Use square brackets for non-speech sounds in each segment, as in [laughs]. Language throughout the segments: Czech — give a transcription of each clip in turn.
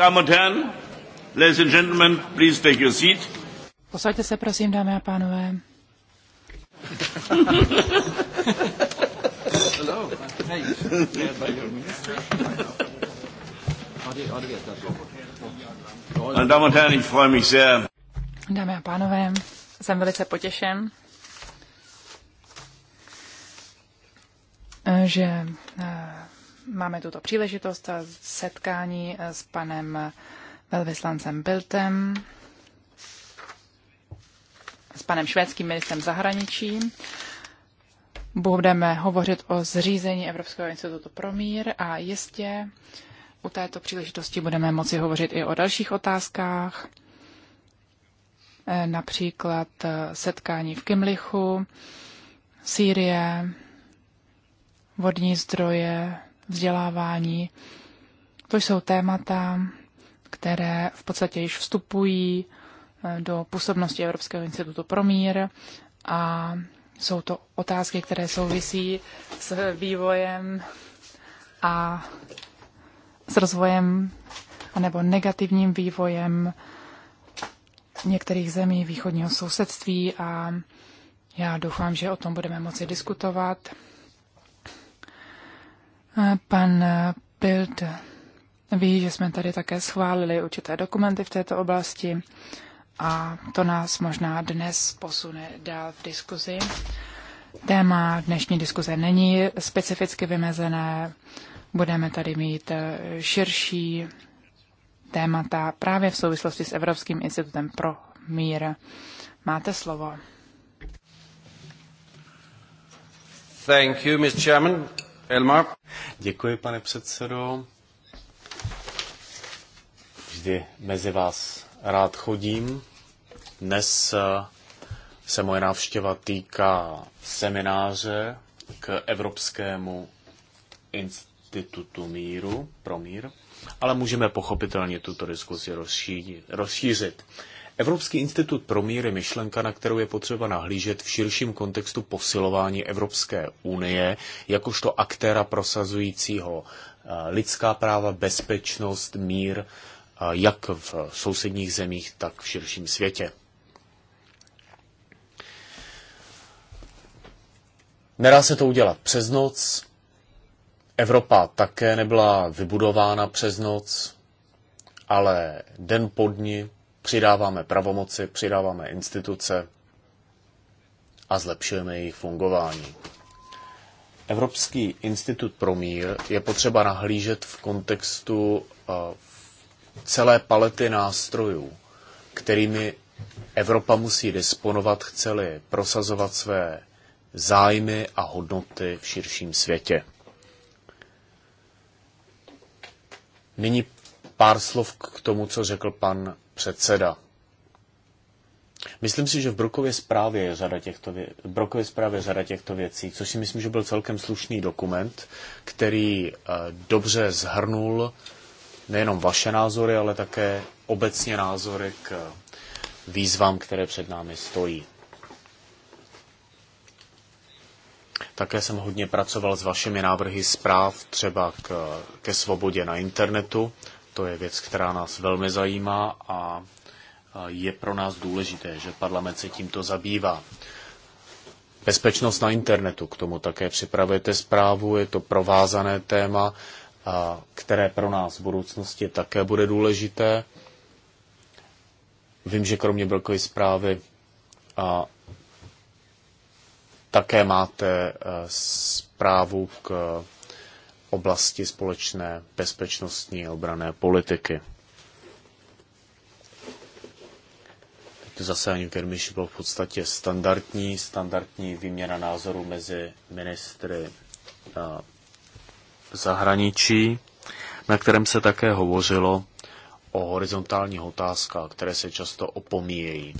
Dámy a pánové, ladies and gentlemen, please take your seat. Posaďte se, prosím, dámy a pánové. Hello. Hej. Dámy a Herren, ich freue mich sehr. Dámy a pánové, jsem velice potěšen, eh, že eh, máme tuto příležitost setkání eh, s panem eh, velvyslancem Biltem, s panem švédským ministrem zahraničí. Budeme hovořit o zřízení Evropského institutu pro mír a jistě u této příležitosti budeme moci hovořit i o dalších otázkách, eh, například setkání v Kimlichu, Sýrie, vodní zdroje, vzdělávání. To jsou témata, které v podstatě již vstupují eh, do působnosti Evropského institutu pro mír a jsou to otázky, které souvisí s vývojem a s rozvojem anebo negativním vývojem některých zemí východního sousedství a já doufám, že o tom budeme moci diskutovat Pan Bild ví, že jsme tady také schválili určité dokumenty v této oblasti a to nás možná dnes posune dál v diskuzi. Téma dnešní diskuze není specificky vymezené, budeme tady mít eh, širší témata právě v souvislosti s Evropským institutem pro mír. Máte slovo. Thank you, Mr. Chairman. Elmar. Děkuji, pane předsedo. Vždy mezi vás rád chodím. Dnes eh, se moje návštěva týká semináře k Evropskému institutu míru pro mír, ale můžeme pochopitelně tuto diskusi rozšířit. Evropský institut pro mír je myšlenka, na kterou je potřeba nahlížet v širším kontextu posilování Evropské unie jakožto aktéra prosazujícího eh, lidská práva, bezpečnost, mír, eh, jak v sousedních zemích, tak v širším světě. Nedá se to udělat přes noc. Evropa také nebyla vybudována přes noc, ale den po dni Přidáváme pravomoci, přidáváme instituce a zlepšujeme jejich fungování. Evropský institut pro mír je potřeba nahlížet v kontextu eh, celé palety nástrojů, kterými Evropa musí disponovat, chceli prosazovat své zájmy a hodnoty v širším světě. Nyní pár slov k tomu, co řekl pan předseda. Myslím si, že v Brokově zprávě je řada těchto, vě- Brokově zprávě řada těchto věcí, což si myslím, že byl celkem slušný dokument, který eh, dobře zhrnul nejenom vaše názory, ale také obecně názory k eh, výzvám, které před námi stojí. Také jsem hodně pracoval s vašimi návrhy zpráv třeba k, ke svobodě na internetu to je věc, která nás velmi zajímá a je pro nás důležité, že parlament se tímto zabývá. Bezpečnost na internetu, k tomu také připravujete zprávu, je to provázané téma, které pro nás v budoucnosti také bude důležité. Vím, že kromě Brokové zprávy a také máte e, zprávu k oblasti společné bezpečnostní a obrané politiky. To zasedání v bylo v podstatě standardní, standardní výměna názorů mezi ministry eh, zahraničí, na kterém se také hovořilo o horizontálních otázkách, které se často opomíjejí.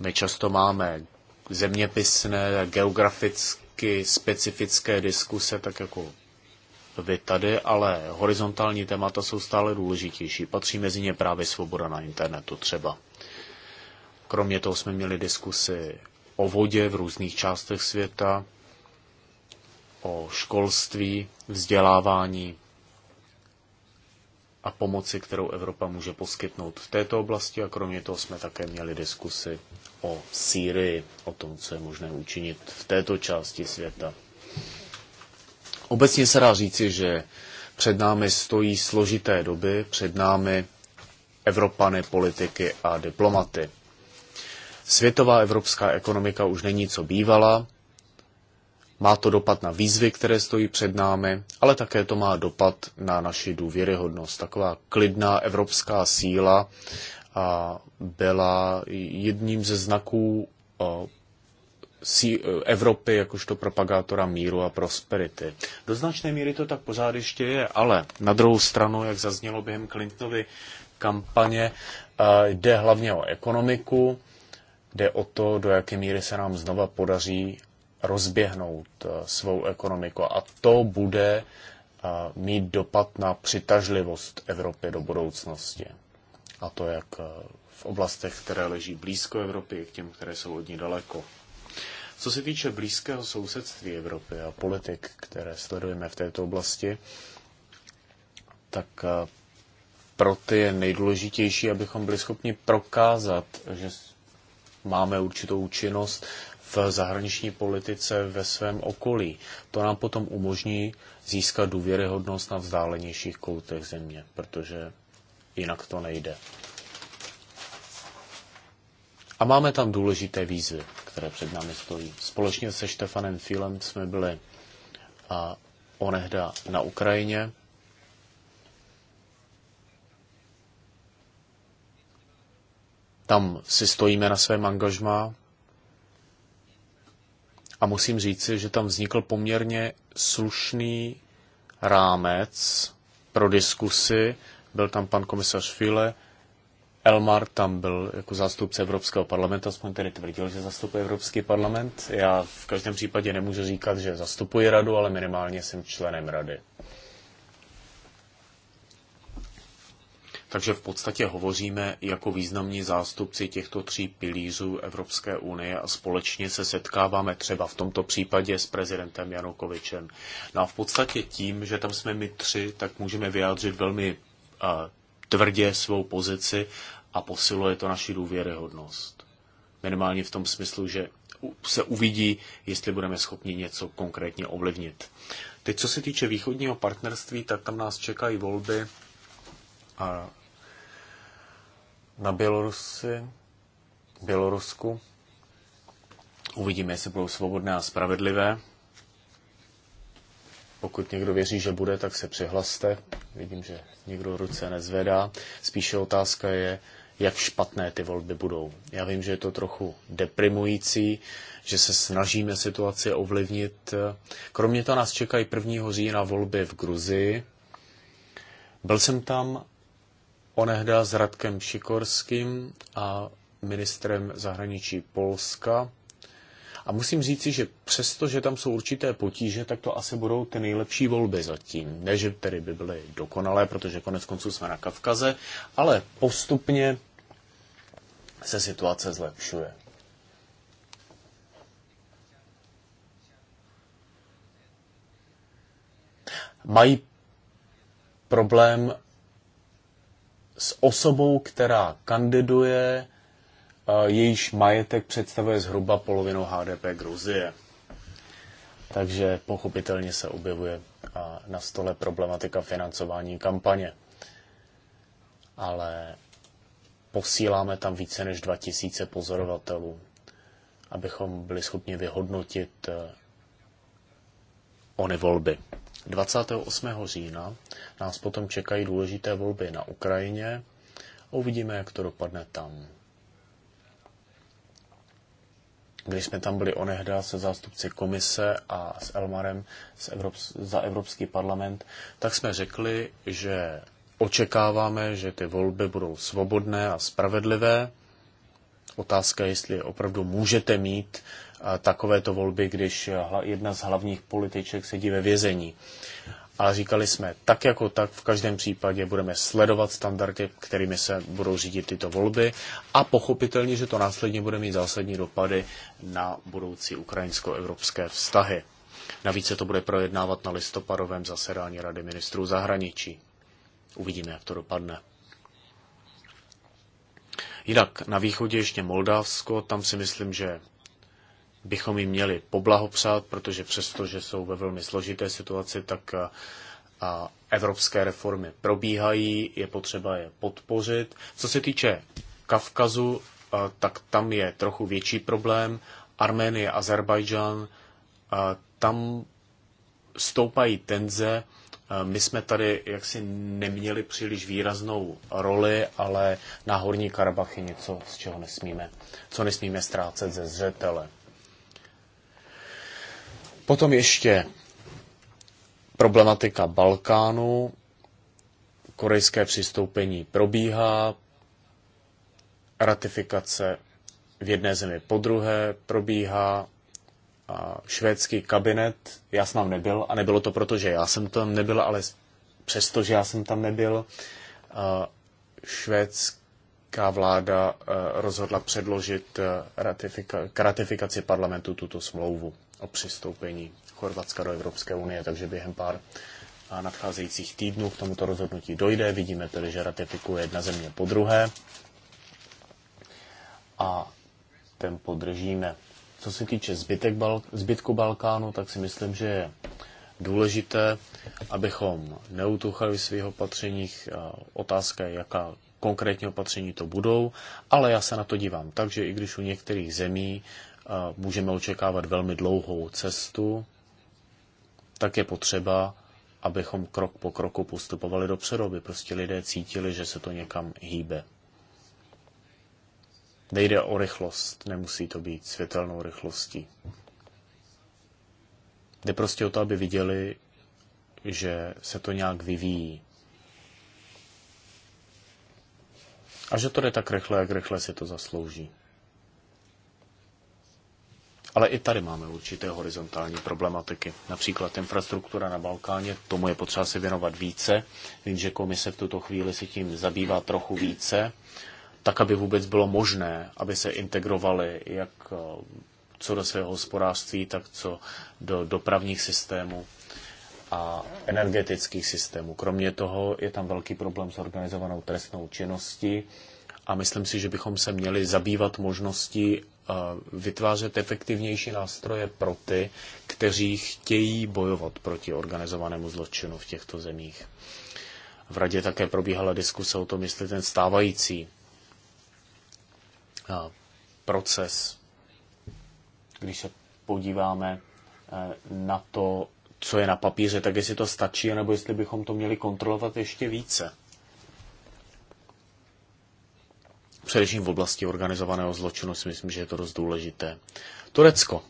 My často máme zeměpisné, geograficky specifické diskuse, tak jako vy tady, ale horizontální témata jsou stále důležitější. Patří mezi ně právě svoboda na internetu třeba. Kromě toho jsme měli diskusy o vodě v různých částech světa, o školství, vzdělávání a pomoci, kterou Evropa může poskytnout v této oblasti. A kromě toho jsme také měli diskusy o Sýrii, o tom, co je možné učinit v této části světa. Obecně se dá říci, že před námi stojí složité doby, před námi Evropany, politiky a diplomaty. Světová evropská ekonomika už není co bývala, má to dopad na výzvy, které stojí před námi, ale také to má dopad na naši důvěryhodnost. Taková klidná evropská síla byla jedním ze znaků Evropy jakožto propagátora míru a prosperity. Do značné míry to tak pořád ještě je, ale na druhou stranu, jak zaznělo během Clintonovy kampaně, eh, jde hlavně o ekonomiku, jde o to, do jaké míry se nám znova podaří rozběhnout eh, svou ekonomiku. A to bude eh, mít dopad na přitažlivost Evropy do budoucnosti. A to jak v oblastech, které leží blízko Evropy, k těm, které jsou od ní daleko. Co se týče blízkého sousedství Evropy a politik, které sledujeme v této oblasti, tak eh, pro ty je nejdůležitější, abychom byli schopni prokázat, že máme určitou účinnost v zahraniční politice ve svém okolí. To nám potom umožní získat důvěryhodnost na vzdálenějších koutech země, protože jinak to nejde. A máme tam důležité výzvy, které před námi stojí. Společně se Štefanem Filem jsme byli a onehda na Ukrajině. Tam si stojíme na svém angažmá a musím říci, že tam vznikl poměrně slušný rámec pro diskusy. Byl tam pan komisař File, Elmar tam byl jako zástupce Evropského parlamentu, aspoň tedy tvrdil, že zastupuje Evropský parlament. Já v každém případě nemůžu říkat, že zastupuji radu, ale minimálně jsem členem rady. Takže v podstatě hovoříme jako významní zástupci těchto tří pilířů Evropské unie a společně se setkáváme třeba v tomto případě s prezidentem Janukovičem. No a v podstatě tím, že tam jsme my tři, tak můžeme vyjádřit velmi uh, tvrdě svou pozici a posiluje to naši důvěryhodnost. Minimálně v tom smyslu, že se uvidí, jestli budeme schopni něco konkrétně ovlivnit. Teď, co se týče východního partnerství, tak tam nás čekají volby a na Bělorusy, Bělorusku. Uvidíme, jestli budou svobodné a spravedlivé. Pokud někdo věří, že bude, tak se přihlaste. Vidím, že nikdo ruce nezvedá. Spíše otázka je, jak špatné ty volby budou. Já vím, že je to trochu deprimující, že se snažíme situaci ovlivnit. Kromě toho nás čekají 1. října volby v Gruzii. Byl jsem tam onehda s Radkem Šikorským a ministrem zahraničí Polska. A musím říci, že přesto, že tam jsou určité potíže, tak to asi budou ty nejlepší volby zatím. Ne, že tedy by byly dokonalé, protože konec konců jsme na Kavkaze, ale postupně se situace zlepšuje. Mají problém s osobou, která kandiduje, jejíž majetek představuje zhruba polovinu HDP Gruzie. Takže pochopitelně se objevuje na stole problematika financování kampaně. Ale posíláme tam více než 2000 pozorovatelů, abychom byli schopni vyhodnotit eh, ony volby. 28. října nás potom čekají důležité volby na Ukrajině uvidíme, jak to dopadne tam. Když jsme tam byli onehda se zástupci komise a s Elmarem z za Evropský parlament, tak jsme řekli, že Očekáváme, že ty volby budou svobodné a spravedlivé. Otázka je, jestli opravdu můžete mít eh, takovéto volby, když eh, jedna z hlavních političek sedí ve vězení. Ale říkali jsme, tak jako tak v každém případě budeme sledovat standardy, kterými se budou řídit tyto volby a pochopitelně, že to následně bude mít zásadní dopady na budoucí ukrajinsko-evropské vztahy. Navíc se to bude projednávat na listopadovém zasedání Rady ministrů zahraničí. Uvidíme, jak to dopadne. Jinak na východě ještě Moldavsko, tam si myslím, že bychom jim měli poblahopřát, protože přesto, že jsou ve velmi složité situaci, tak a evropské reformy probíhají, je potřeba je podpořit. Co se týče Kavkazu, tak tam je trochu větší problém. Arménie, Azerbajdžán, tam stoupají tenze, Eh, my jsme tady jaksi neměli příliš výraznou roli, ale na Horní Karabach je něco, z čeho nesmíme, co nesmíme ztrácet ze zřetele. Potom ještě problematika Balkánu. Korejské přistoupení probíhá, ratifikace v jedné zemi po druhé probíhá, švédský kabinet. Já jsem tam nebyl a nebylo to proto, že já jsem tam nebyl, ale přesto, že já jsem tam nebyl, švédská vláda rozhodla předložit k ratifikaci parlamentu tuto smlouvu o přistoupení Chorvatska do Evropské unie, takže během pár nadcházejících týdnů k tomuto rozhodnutí dojde. Vidíme tedy, že ratifikuje jedna země po druhé a ten podržíme. Co se týče zbytek Bal- zbytku Balkánu, tak si myslím, že je důležité, abychom neutuchali svých opatřeních. Otázka je, jaká konkrétní opatření to budou, ale já se na to dívám tak, že i když u některých zemí můžeme očekávat velmi dlouhou cestu, tak je potřeba, abychom krok po kroku postupovali dopředu, aby prostě lidé cítili, že se to někam hýbe. Nejde o rychlost, nemusí to být světelnou rychlostí. Jde prostě o to, aby viděli, že se to nějak vyvíjí. A že to jde tak rychle, jak rychle si to zaslouží. Ale i tady máme určité horizontální problematiky. Například infrastruktura na Balkáně, tomu je potřeba se věnovat více. Vím, že komise v tuto chvíli si tím zabývá trochu více tak, aby vůbec bylo možné, aby se integrovali jak eh, co do svého hospodářství, tak co do dopravních systémů a energetických systémů. Kromě toho je tam velký problém s organizovanou trestnou činností a myslím si, že bychom se měli zabývat možností eh, vytvářet efektivnější nástroje pro ty, kteří chtějí bojovat proti organizovanému zločinu v těchto zemích. V radě také probíhala diskuse o tom, jestli ten stávající Eh, proces, když se podíváme eh, na to, co je na papíře, tak jestli to stačí, nebo jestli bychom to měli kontrolovat ještě více. Především v oblasti organizovaného zločinu si myslím, že je to dost důležité. Turecko.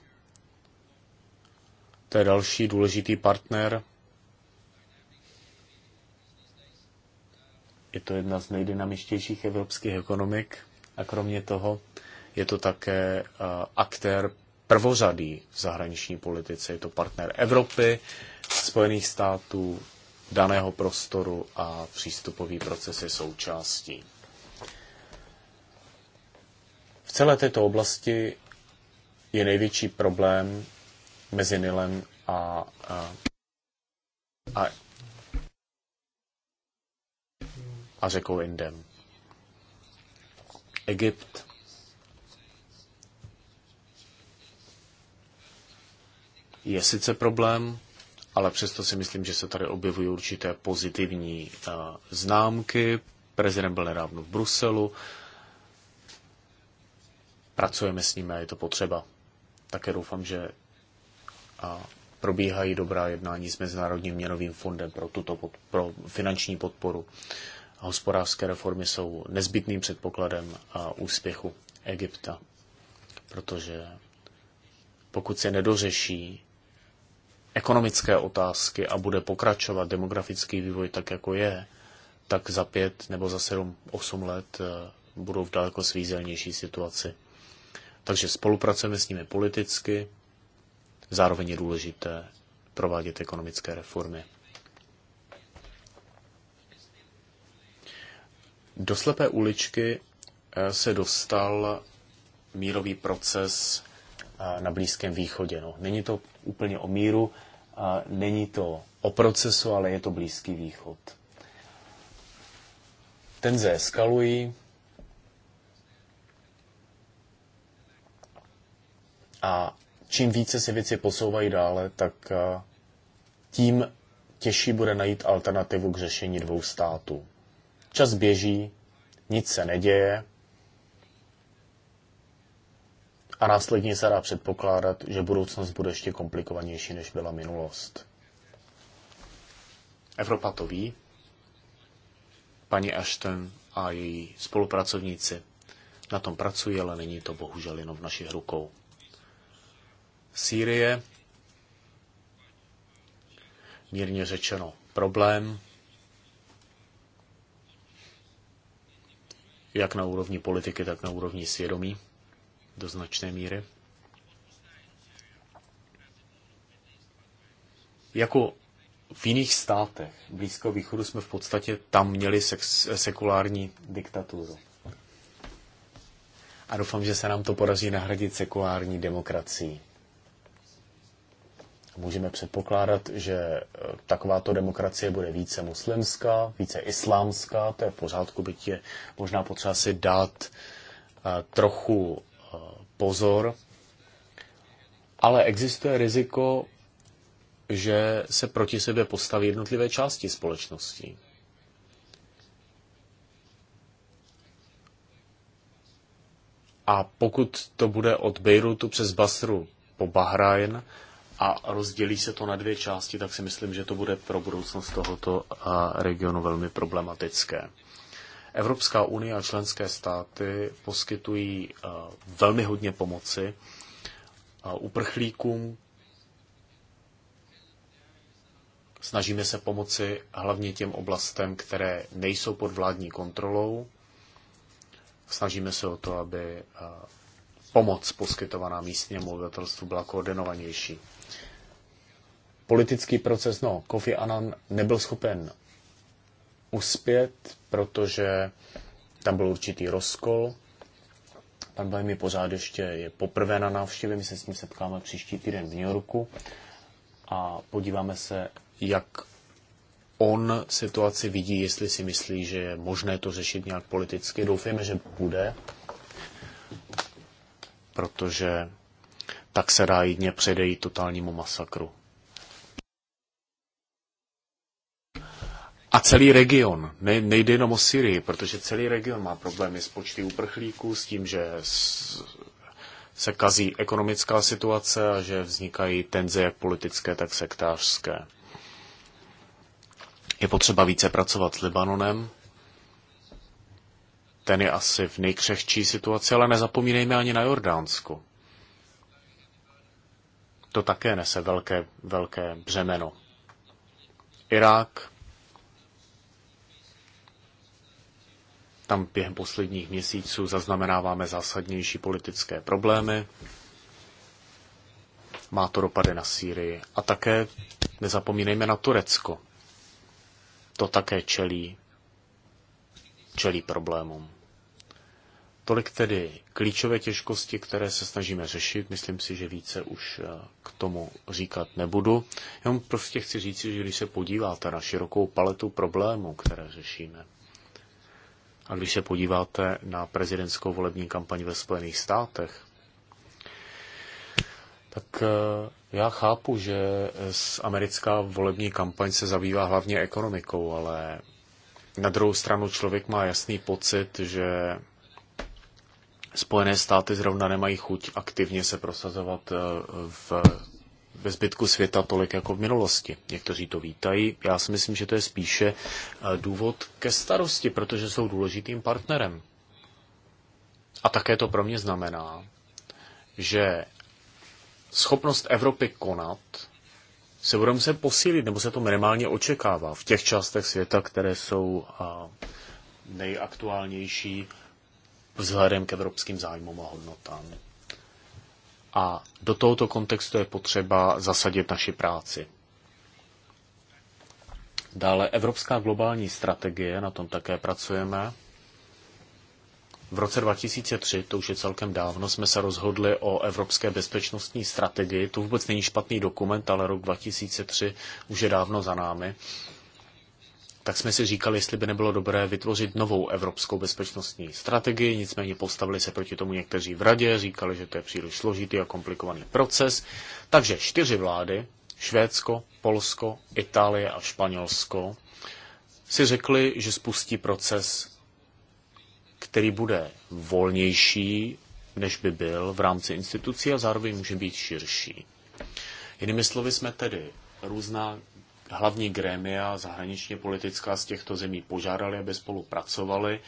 To je další důležitý partner. Je to jedna z nejdynamičtějších evropských ekonomik. A kromě toho je to také eh, aktér prvořadý v zahraniční politice. Je to partner Evropy, Spojených států, daného prostoru a přístupový proces je součástí. V celé této oblasti je největší problém mezi Nilem a, a, a, a řekou Indem. Egypt. Je sice problém, ale přesto si myslím, že se tady objevují určité pozitivní eh, známky. Prezident byl nedávno v Bruselu. Pracujeme s ním a je to potřeba. Také doufám, že eh, probíhají dobrá jednání s Mezinárodním měnovým fondem pro, tuto pod, pro finanční podporu a hospodářské reformy jsou nezbytným předpokladem a úspěchu Egypta. Protože pokud se nedořeší ekonomické otázky a bude pokračovat demografický vývoj tak, jako je, tak za pět nebo za sedm, osm let eh, budou v daleko svízelnější situaci. Takže spolupracujeme s nimi politicky, zároveň je důležité provádět ekonomické reformy. Do slepé uličky eh, se dostal mírový proces eh, na Blízkém východě. No, není to úplně o míru, eh, není to o procesu, ale je to Blízký východ. Tenze eskalují a čím více se věci posouvají dále, tak tím těžší bude najít alternativu k řešení dvou států. Čas běží, nic se neděje a následně se dá předpokládat, že budoucnost bude ještě komplikovanější, než byla minulost. Evropa to ví, paní Ashton a její spolupracovníci na tom pracují, ale není to bohužel jenom v našich rukou. Sýrie, mírně řečeno, problém. jak na úrovni politiky, tak na úrovni svědomí do značné míry. Jako v jiných státech Blízkého východu jsme v podstatě tam měli sex, sekulární diktaturu. A doufám, že se nám to podaří nahradit sekulární demokracií můžeme předpokládat, že e, takováto demokracie bude více muslimská, více islámská, to je v pořádku, byť je možná potřeba si dát e, trochu e, pozor, ale existuje riziko, že se proti sebe postaví jednotlivé části společnosti. A pokud to bude od Bejrutu přes Basru po Bahrajn, a rozdělí se to na dvě části, tak si myslím, že to bude pro budoucnost tohoto eh, regionu velmi problematické. Evropská unie a členské státy poskytují eh, velmi hodně pomoci eh, uprchlíkům. Snažíme se pomoci hlavně těm oblastem, které nejsou pod vládní kontrolou. Snažíme se o to, aby pomoc poskytovaná místnímu obyvatelstvu byla koordinovanější politický proces, no, Kofi Annan nebyl schopen uspět, protože tam byl určitý rozkol. Pan Bajmi pořád ještě je poprvé na návštěvě, my se s ním setkáme příští týden v New Yorku a podíváme se, jak on situaci vidí, jestli si myslí, že je možné to řešit nějak politicky. Doufejme, že bude, protože tak se dá jedně předejít totálnímu masakru. A celý region, ne, nejde jenom o Syrii, protože celý region má problémy s počty uprchlíků, s tím, že se kazí ekonomická situace a že vznikají tenze jak politické, tak sektářské. Je potřeba více pracovat s Libanonem. Ten je asi v nejkřehčí situaci, ale nezapomínejme ani na Jordánsku. To také nese velké, velké břemeno. Irák, Tam během posledních měsíců zaznamenáváme zásadnější politické problémy. Má to dopady na Sýrii. A také nezapomínejme na Turecko. To také čelí, čelí problémům. Tolik tedy klíčové těžkosti, které se snažíme řešit. Myslím si, že více už eh, k tomu říkat nebudu. Jenom prostě chci říct, že když se podíváte na širokou paletu problémů, které řešíme, a když se podíváte na prezidentskou volební kampaň ve Spojených státech, tak eh, já chápu, že americká volební kampaň se zabývá hlavně ekonomikou, ale na druhou stranu člověk má jasný pocit, že Spojené státy zrovna nemají chuť aktivně se prosazovat eh, v ve zbytku světa tolik jako v minulosti. Někteří to vítají, já si myslím, že to je spíše eh, důvod ke starosti, protože jsou důležitým partnerem. A také to pro mě znamená, že schopnost Evropy konat se bude muset posílit, nebo se to minimálně očekává v těch částech světa, které jsou eh, nejaktuálnější vzhledem k evropským zájmům a hodnotám. A do tohoto kontextu je potřeba zasadit naši práci. Dále Evropská globální strategie, na tom také pracujeme. V roce 2003, to už je celkem dávno, jsme se rozhodli o Evropské bezpečnostní strategii. To vůbec není špatný dokument, ale rok 2003 už je dávno za námi tak jsme si říkali, jestli by nebylo dobré vytvořit novou evropskou bezpečnostní strategii, nicméně postavili se proti tomu někteří v radě, říkali, že to je příliš složitý a komplikovaný proces. Takže čtyři vlády, Švédsko, Polsko, Itálie a Španělsko, si řekli, že spustí proces, který bude volnější, než by byl v rámci institucí a zároveň může být širší. Jinými slovy jsme tedy různá hlavní grémia zahraničně politická z těchto zemí požádali, aby spolupracovali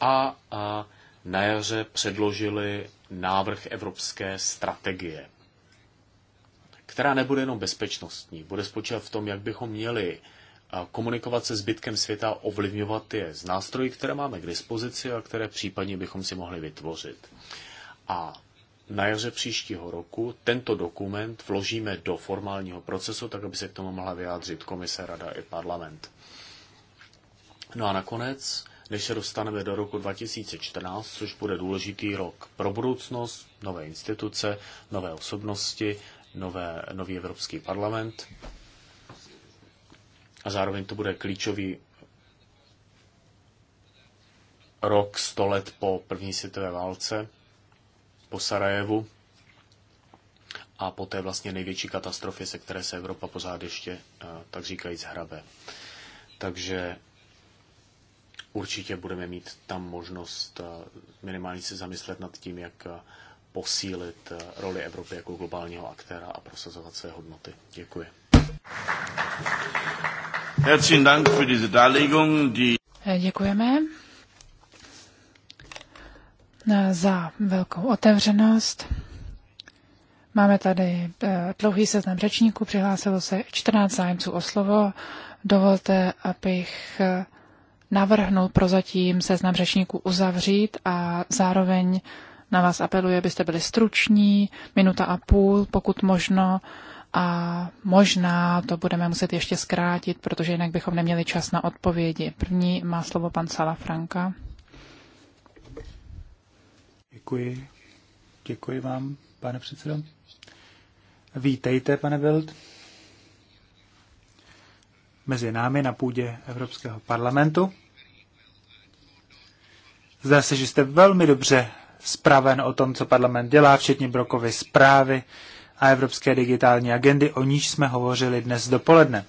a, a na jaře předložili návrh evropské strategie, která nebude jenom bezpečnostní, bude spočívat v tom, jak bychom měli komunikovat se zbytkem světa, ovlivňovat je z nástrojů, které máme k dispozici a které případně bychom si mohli vytvořit. A na jaře příštího roku tento dokument vložíme do formálního procesu, tak aby se k tomu mohla vyjádřit komise, rada i parlament. No a nakonec, než se dostaneme do roku 2014, což bude důležitý rok pro budoucnost, nové instituce, nové osobnosti, nové, nový Evropský parlament. A zároveň to bude klíčový rok 100 let po první světové válce, po Sarajevu a po té vlastně největší katastrofě, se které se Evropa pořád ještě, eh, tak říkajíc, hrabe. Takže určitě budeme mít tam možnost eh, minimálně se zamyslet nad tím, jak eh, posílit roli Evropy jako globálního aktéra a prosazovat své hodnoty. Děkuji. Herzlichen Dank für diese Darlegung. Die Děkujeme za velkou otevřenost. Máme tady eh, dlouhý seznam řečníků, přihlásilo se 14 zájemců o slovo. Dovolte, abych eh, navrhnul prozatím seznam řečníků uzavřít a zároveň na vás apeluji, abyste byli struční, minuta a půl, pokud možno, a možná to budeme muset ještě zkrátit, protože jinak bychom neměli čas na odpovědi. První má slovo pan Sala Franka. Děkuji. Děkuji vám, pane předsedo. Vítejte, pane Wild. mezi námi na půdě Evropského parlamentu. Zdá se, že jste velmi dobře zpraven o tom, co parlament dělá, včetně Brokovy zprávy a Evropské digitální agendy, o níž jsme hovořili dnes dopoledne.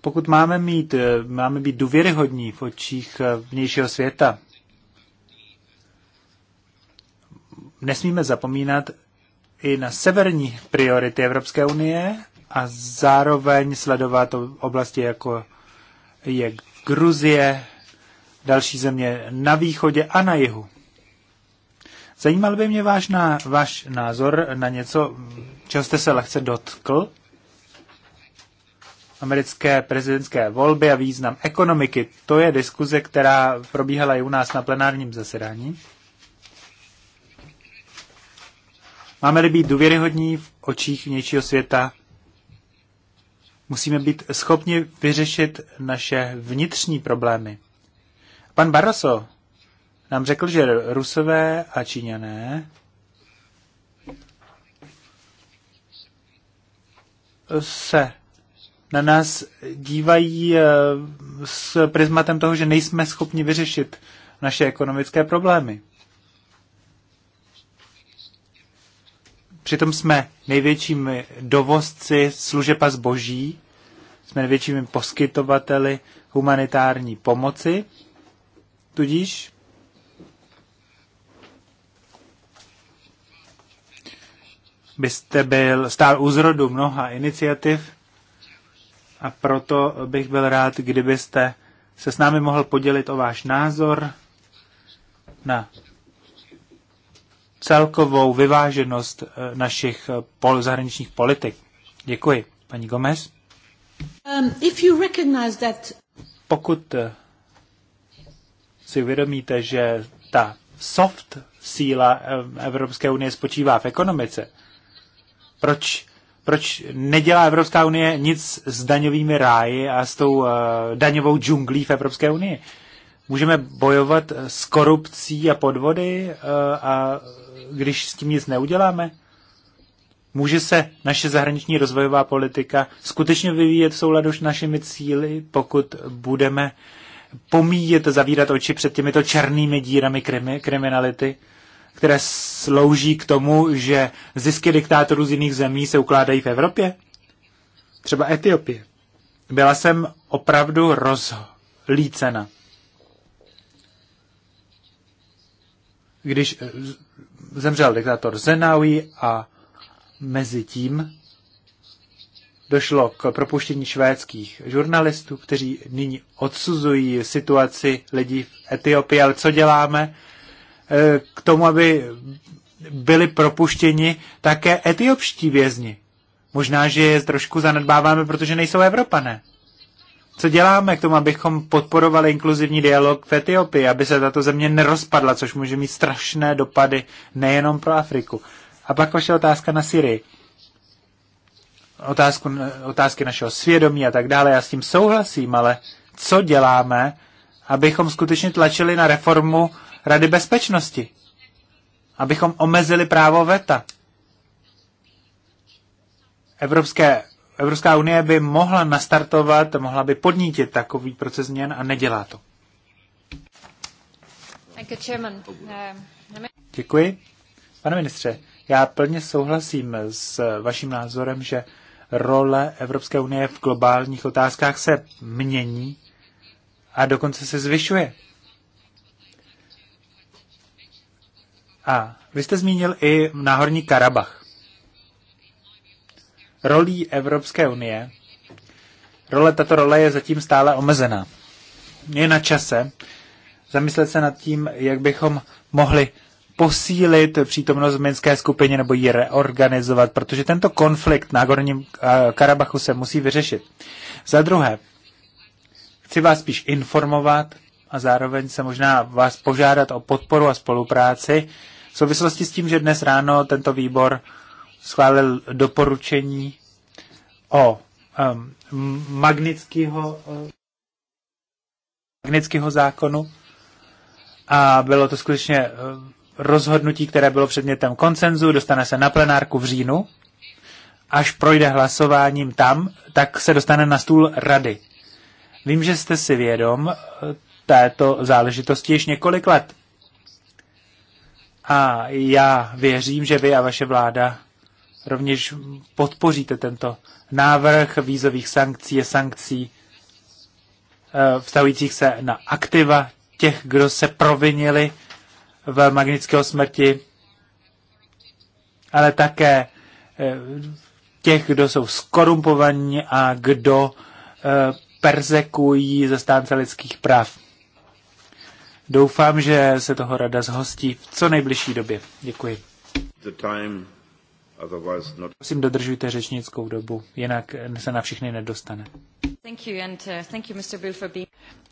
Pokud máme, mít, eh, máme být důvěryhodní v očích eh, vnějšího světa, nesmíme zapomínat i na severní priority Evropské unie a zároveň sledovat oblasti jako je Gruzie, další země na východě a na jihu. Zajímal by mě váš, na, váš názor na něco, čeho jste se lehce dotkl. Americké prezidentské volby a význam ekonomiky. To je diskuze, která probíhala i u nás na plenárním zasedání. Máme-li být důvěryhodní v očích vnějšího světa, musíme být schopni vyřešit naše vnitřní problémy. Pan Barroso nám řekl, že Rusové a Číňané se na nás dívají eh, s prismatem toho, že nejsme schopni vyřešit naše ekonomické problémy. Přitom jsme největšími dovozci služeb a zboží, jsme největšími poskytovateli humanitární pomoci, tudíž byste byl stál u zrodu mnoha iniciativ a proto bych byl rád, kdybyste se s námi mohl podělit o váš názor na celkovou vyváženost eh, našich eh, pol- zahraničních politik. Děkuji. Paní Gomez? Um, Pokud eh, si uvědomíte, že ta soft síla Evropské unie spočívá v ekonomice, proč, proč nedělá Evropská unie nic s daňovými ráji a s tou daňovou džunglí v Evropské unii? můžeme bojovat eh, s korupcí a podvody eh, a když s tím nic neuděláme? Může se naše zahraniční rozvojová politika skutečně vyvíjet v souladu s našimi cíly, pokud budeme pomíjet, zavírat oči před těmito černými dírami krimi, kriminality, které slouží k tomu, že zisky diktátorů z jiných zemí se ukládají v Evropě? Třeba Etiopie. Byla jsem opravdu rozlícena když eh, zemřel diktátor Zenawi a mezi tím došlo k propuštění švédských žurnalistů, kteří nyní odsuzují situaci lidí v Etiopii, ale co děláme eh, k tomu, aby byli propuštěni také etiopští vězni. Možná, že je trošku zanedbáváme, protože nejsou Evropané. Ne. Co děláme k tomu, abychom podporovali inkluzivní dialog v Etiopii, aby se tato země nerozpadla, což může mít strašné dopady nejenom pro Afriku. A pak vaše otázka na Syrii. Otázku, otázky našeho svědomí a tak dále. Já s tím souhlasím, ale co děláme, abychom skutečně tlačili na reformu Rady bezpečnosti? Abychom omezili právo VETA? Evropské Evropská unie by mohla nastartovat, mohla by podnítit takový proces změn a nedělá to. Um, Děkuji. Pane ministře, já plně souhlasím s vaším názorem, že role Evropské unie v globálních otázkách se mění a dokonce se zvyšuje. A vy jste zmínil i náhorní Karabach rolí Evropské unie, role, tato role je zatím stále omezená. Je na čase zamyslet se nad tím, jak bychom mohli posílit přítomnost v minské skupině nebo ji reorganizovat, protože tento konflikt na Gorním eh, Karabachu se musí vyřešit. Za druhé, chci vás spíš informovat a zároveň se možná vás požádat o podporu a spolupráci v souvislosti s tím, že dnes ráno tento výbor schválil doporučení o um, magnického um, eh, magnického zákonu a bylo to skutečně um, rozhodnutí, které bylo předmětem koncenzu, dostane se na plenárku v říjnu, až projde hlasováním tam, tak se dostane na stůl rady. Vím, že jste si vědom eh, této záležitosti již několik let. A já věřím, že vy a vaše vláda rovněž podpoříte tento návrh vízových sankcí a sankcí eh, vztahujících se na aktiva těch, kdo se provinili v magnického smrti, ale také eh, těch, kdo jsou skorumpovaní a kdo eh, persekují zastánce lidských práv. Doufám, že se toho rada zhostí v co nejbližší době. Děkuji. Prosím, dodržujte řečnickou dobu, jinak se na všechny nedostane. Uh,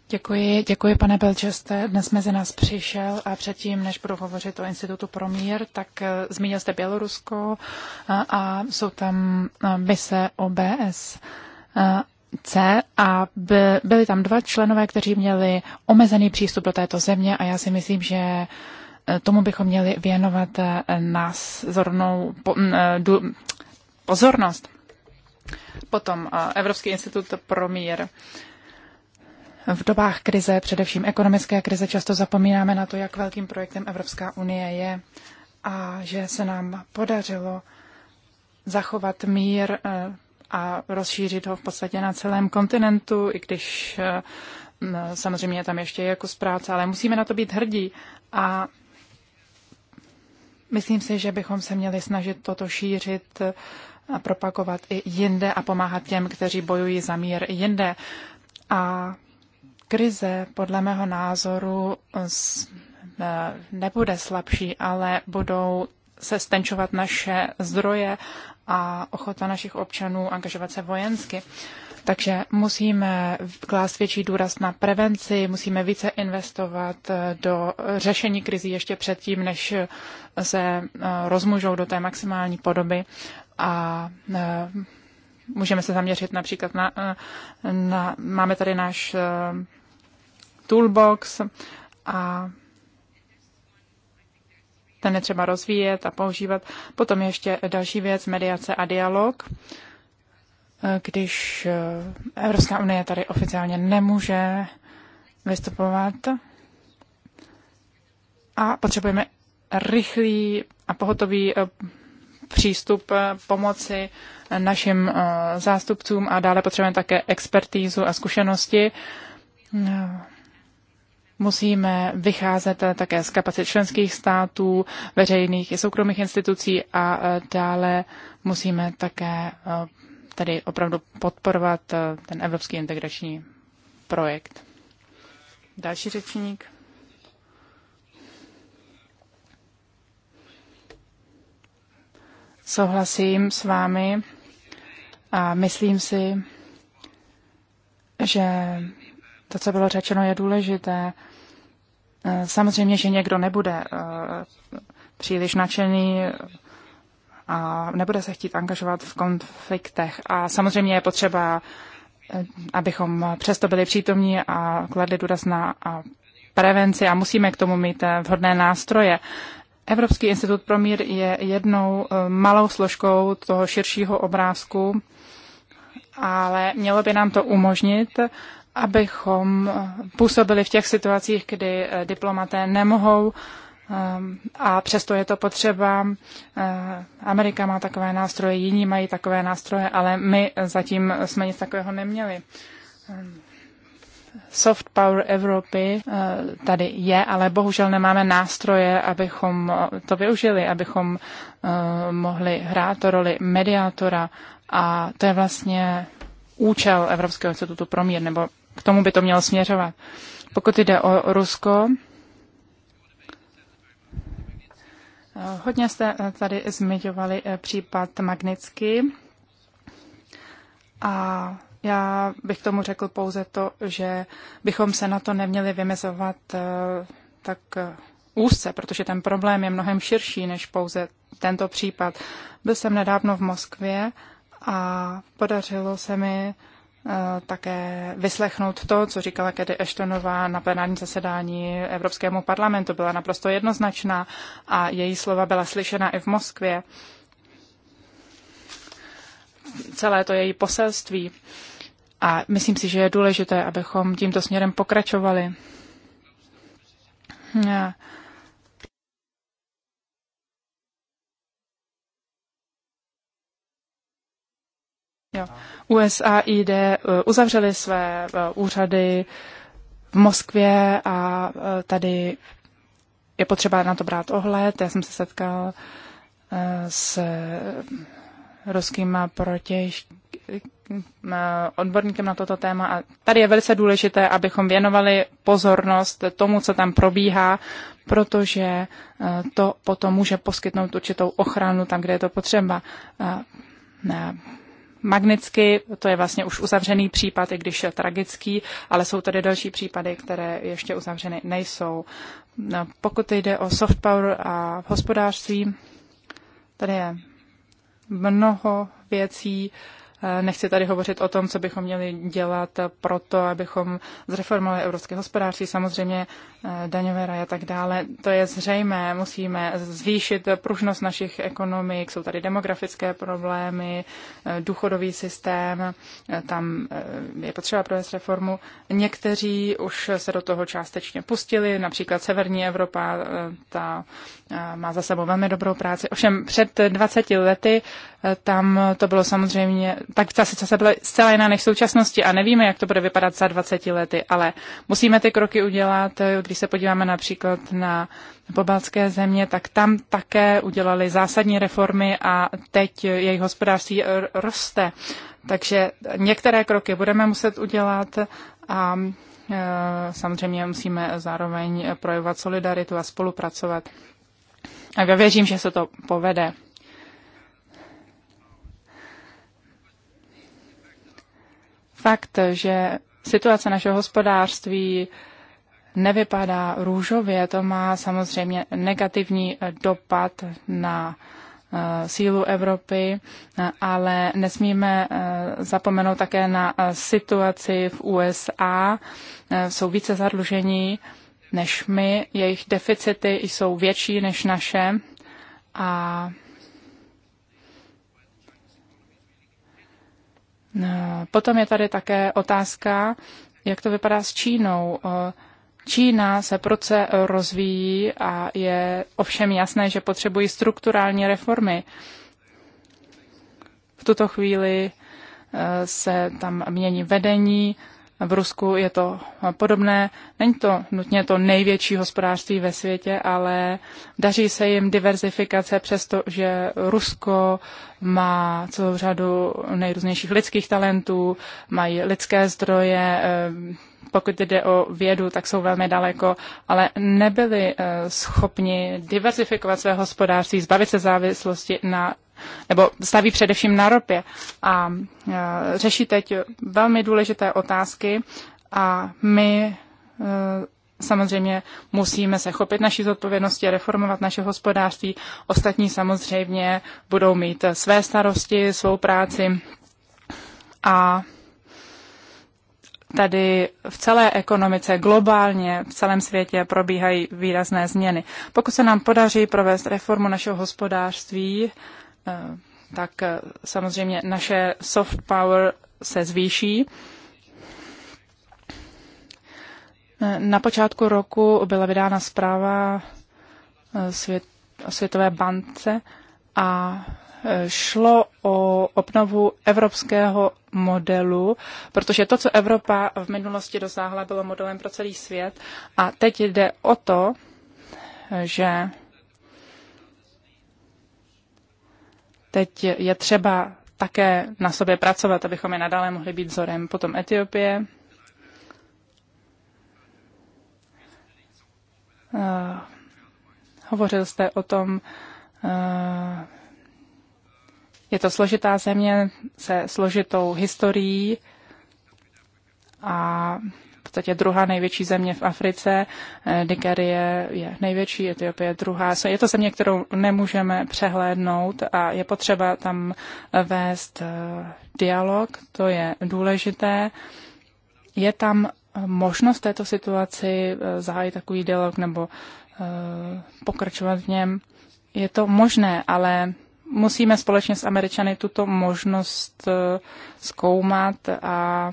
děkuji, děkuji pane Belčeste. Dnes mezi nás přišel a předtím, než budu hovořit o Institutu pro mír, tak eh, zmínil jste Bělorusko a, eh, a jsou tam eh, mise OBS. A, C a byli tam dva členové, kteří měli omezený přístup do této země a já si myslím, že Eh, tomu bychom měli věnovat eh, názornou eh, pozornost. Potom Evropský institut pro mír. V dobách krize, především ekonomické krize, často zapomínáme na to, jak velkým projektem Evropská unie je a že se nám podařilo zachovat mír a rozšířit ho v podstatě na celém kontinentu, i když samozřejmě tam ještě je kus práce, ale musíme na to být hrdí a Myslím si, že bychom se měli snažit toto šířit a propagovat i jinde a pomáhat těm, kteří bojují za mír jinde. A krize, podle mého názoru, e, nebude slabší, ale budou se stenčovat naše zdroje a ochota našich občanů angažovat se vojensky. Takže musíme klást větší důraz na prevenci, musíme více investovat eh, do řešení krizí ještě předtím, než eh, se eh, rozmůžou do té maximální podoby a můžeme se zaměřit například na, na máme tady náš toolbox a ten je třeba rozvíjet a používat. Potom ještě další věc, mediace a dialog. Uh, když eh, Evropská unie tady oficiálně nemůže vystupovat a potřebujeme rychlý a pohotový eh, přístup eh, pomoci našim zástupcům a dále potřebujeme také expertízu a zkušenosti. Musíme vycházet také z kapacit členských států, veřejných i soukromých institucí a dále musíme také tedy opravdu podporovat eh, ten evropský integrační projekt. Další řečník. Souhlasím s vámi a myslím si, že to, co bylo řečeno, je důležité. Eh, samozřejmě, že někdo nebude eh, příliš nadšený a nebude se chtít angažovat v konfliktech. A samozřejmě je potřeba, eh, abychom přesto byli přítomní a kladli důraz na prevenci a musíme k tomu mít eh, vhodné nástroje. Evropský institut pro mír je jednou eh, malou složkou toho širšího obrázku, ale mělo by nám to umožnit, abychom působili v těch situacích, kdy diplomaté nemohou Ehm, a přesto je to potřeba. Eh, Amerika má takové nástroje, jiní mají takové nástroje, ale my zatím jsme nic takového neměli. Ehm, soft power Evropy eh, tady je, ale bohužel nemáme nástroje, abychom eh, to využili, abychom mohli hrát roli mediátora a to je vlastně účel Evropského institutu pro mír, nebo k tomu by to mělo směřovat. Pokud jde o Rusko, Hodně jste eh, tady zmiňovali eh, případ Magnitsky a já bych tomu řekl pouze to, že bychom se na to neměli vymezovat eh, tak úzce, protože ten problém je mnohem širší než pouze tento případ. Byl jsem nedávno v Moskvě a podařilo se mi Eh, také vyslechnout to, co říkala Kedy Eštonová na plenárním zasedání Evropskému parlamentu. Byla naprosto jednoznačná a její slova byla slyšena i v Moskvě. Celé to její poselství. A myslím si, že je důležité, abychom tímto směrem pokračovali. Eh, Jo. ID eh, uzavřeli své eh, úřady v Moskvě a eh, tady je potřeba na to brát ohled. Já jsem se setkal s ruským protěž odborníkem na toto téma a tady je velice důležité, abychom věnovali pozornost tomu, co tam probíhá, protože to potom může poskytnout určitou ochranu tam, kde je to potřeba. Magnicky, to je vlastně už uzavřený případ, i když je tragický, ale jsou tady další případy, které ještě uzavřeny nejsou. No, pokud jde o soft power a hospodářství, tady je mnoho věcí, Nechci tady hovořit o tom, co bychom měli dělat pro to, abychom zreformovali evropské hospodářství, samozřejmě eh, daňové raje a tak dále. To je zřejmé, musíme zvýšit pružnost našich ekonomik, jsou tady demografické problémy, eh, důchodový systém, eh, tam je potřeba provést reformu. Někteří už se do toho částečně pustili, například Severní Evropa, ta má za sebou velmi dobrou práci. Ovšem před 20 lety tam to bylo samozřejmě tak ta situace byla zcela jiná než v současnosti a nevíme, jak to bude vypadat za 20 lety, ale musíme ty kroky udělat. Když se podíváme například na pobaltské země, tak tam také udělali zásadní reformy a teď jejich hospodářství roste. Takže některé kroky budeme muset udělat a e, samozřejmě musíme zároveň projevovat solidaritu a spolupracovat. A já věřím, že se to povede. Fakt, že situace našeho hospodářství nevypadá růžově, to má samozřejmě negativní eh, dopad na eh, sílu Evropy, eh, ale nesmíme zapomenout také na situaci v USA. Jsou více zadlužení než my, jejich deficity jsou větší než naše a Eh, potom je tady také otázka, jak to vypadá s Čínou. Eh, Čína se proce rozvíjí a je ovšem jasné, že potřebují strukturální reformy. V tuto chvíli eh, se tam mění vedení, v Rusku je to podobné. Není to nutně to největší hospodářství ve světě, ale daří se jim diverzifikace, přestože Rusko má celou řadu nejrůznějších lidských talentů, mají lidské zdroje, eh, pokud jde o vědu, tak jsou velmi daleko, ale nebyli eh, schopni diversifikovat své hospodářství, zbavit se závislosti na nebo staví především na ropě. A e, řeší teď velmi důležité otázky a my e, samozřejmě musíme se chopit naší zodpovědnosti a reformovat naše hospodářství. Ostatní samozřejmě budou mít své starosti, svou práci a tady v celé ekonomice, globálně, v celém světě probíhají výrazné změny. Pokud se nám podaří provést reformu našeho hospodářství, Eh, tak eh, samozřejmě naše soft power se zvýší. Eh, na počátku roku byla vydána zpráva svět, Světové bance a šlo o obnovu evropského modelu, protože to, co Evropa v minulosti dosáhla, bylo modelem pro celý svět. A teď jde o to, že Teď je třeba také na sobě pracovat, abychom je nadále mohli být vzorem. Potom Etiopie. Uh, hovořil jste o tom, uh, je to složitá země se složitou historií a podstatě druhá největší země v Africe. Eh, Nigerie je největší, Etiopie je druhá. Je to země, kterou nemůžeme přehlédnout a je potřeba tam vést eh, dialog, to je důležité. Je tam eh, možnost této situaci zahájit takový dialog nebo pokračovat v něm. Je to možné, ale musíme společně s Američany tuto možnost zkoumat a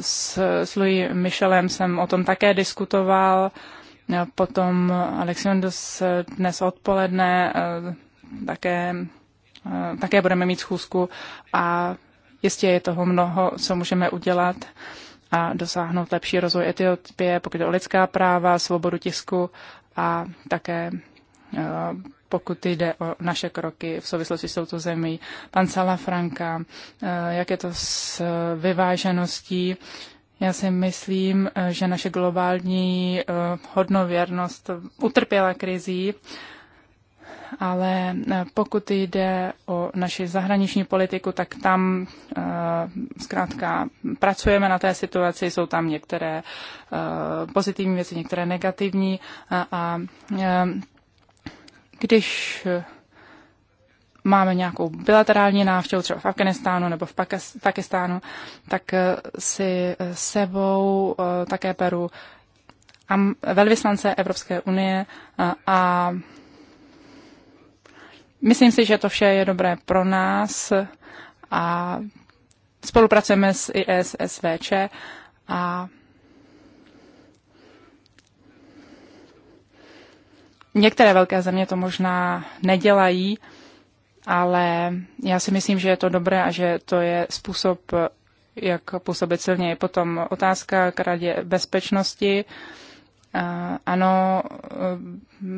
s, s Louis Michelem jsem o tom také diskutoval, potom Alexandros dnes odpoledne eh, také, eh, také budeme mít schůzku a jistě je toho mnoho, co můžeme udělat a dosáhnout lepší rozvoj Etiopie, pokud je o lidská práva, svobodu tisku a také Eh, pokud jde o naše kroky v souvislosti s touto zemí. Pan Salafranka, eh, jak je to s eh, vyvážeností? Já si myslím, že naše globální hodnověrnost utrpěla krizí, ale pokud jde o naši zahraniční politiku, tak tam zkrátka pracujeme na té situaci, jsou tam některé pozitivní věci, některé negativní a, a když eh, máme nějakou bilaterální návštěvu třeba v Afganistánu nebo v Pakistánu, tak eh, si eh, sebou také beru velvyslance Evropské unie a myslím si, že to vše je dobré pro nás a spolupracujeme s ISSVČ a Některé velké země to možná nedělají, ale já si myslím, že je to dobré a že to je způsob, jak působit silněji. Potom otázka k radě bezpečnosti. Ano,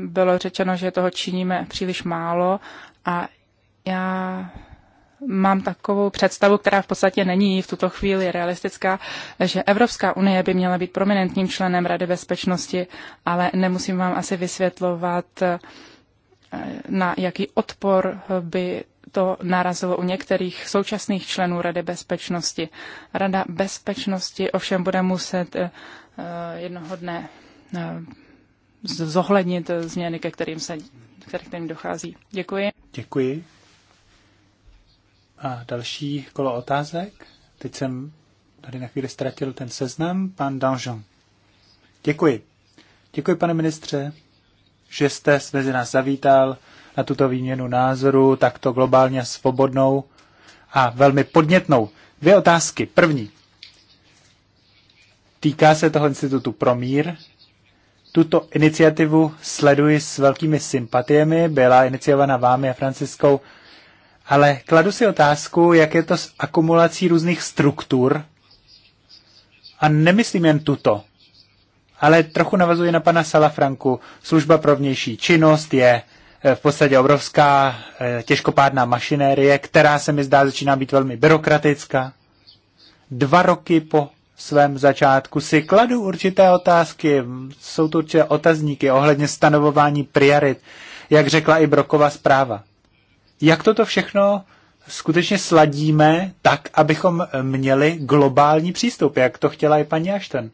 bylo řečeno, že toho činíme příliš málo a já mám takovou představu, která v podstatě není v tuto chvíli realistická, že Evropská unie by měla být prominentním členem Rady bezpečnosti, ale nemusím vám asi vysvětlovat, eh, na jaký odpor by to narazilo u některých současných členů Rady bezpečnosti. Rada bezpečnosti ovšem bude muset eh, eh, jednoho dne zohlednit změny, ke kterým se ke kterým dochází. Děkuji. Děkuji. A další kolo otázek. Teď jsem tady na chvíli ztratil ten seznam. Pan Danjon. Děkuji. Děkuji, pane ministře, že jste mezi nás zavítal na tuto výměnu názoru, takto globálně svobodnou a velmi podnětnou. Dvě otázky. První. Týká se toho institutu Promír. Tuto iniciativu sleduji s velkými sympatiemi. Byla iniciovaná vámi a Franciskou ale kladu si otázku, jak je to s akumulací různých struktur. A nemyslím jen tuto. Ale trochu navazuji na pana Salafranku. Služba pro vnější činnost je eh, v podstatě obrovská eh, těžkopádná mašinérie, která se mi zdá začíná být velmi byrokratická. Dva roky po svém začátku si kladu určité otázky, jsou to určité otazníky ohledně stanovování priorit, jak řekla i Broková zpráva jak toto všechno skutečně sladíme tak, abychom měli globální přístup, jak to chtěla i paní Ashton.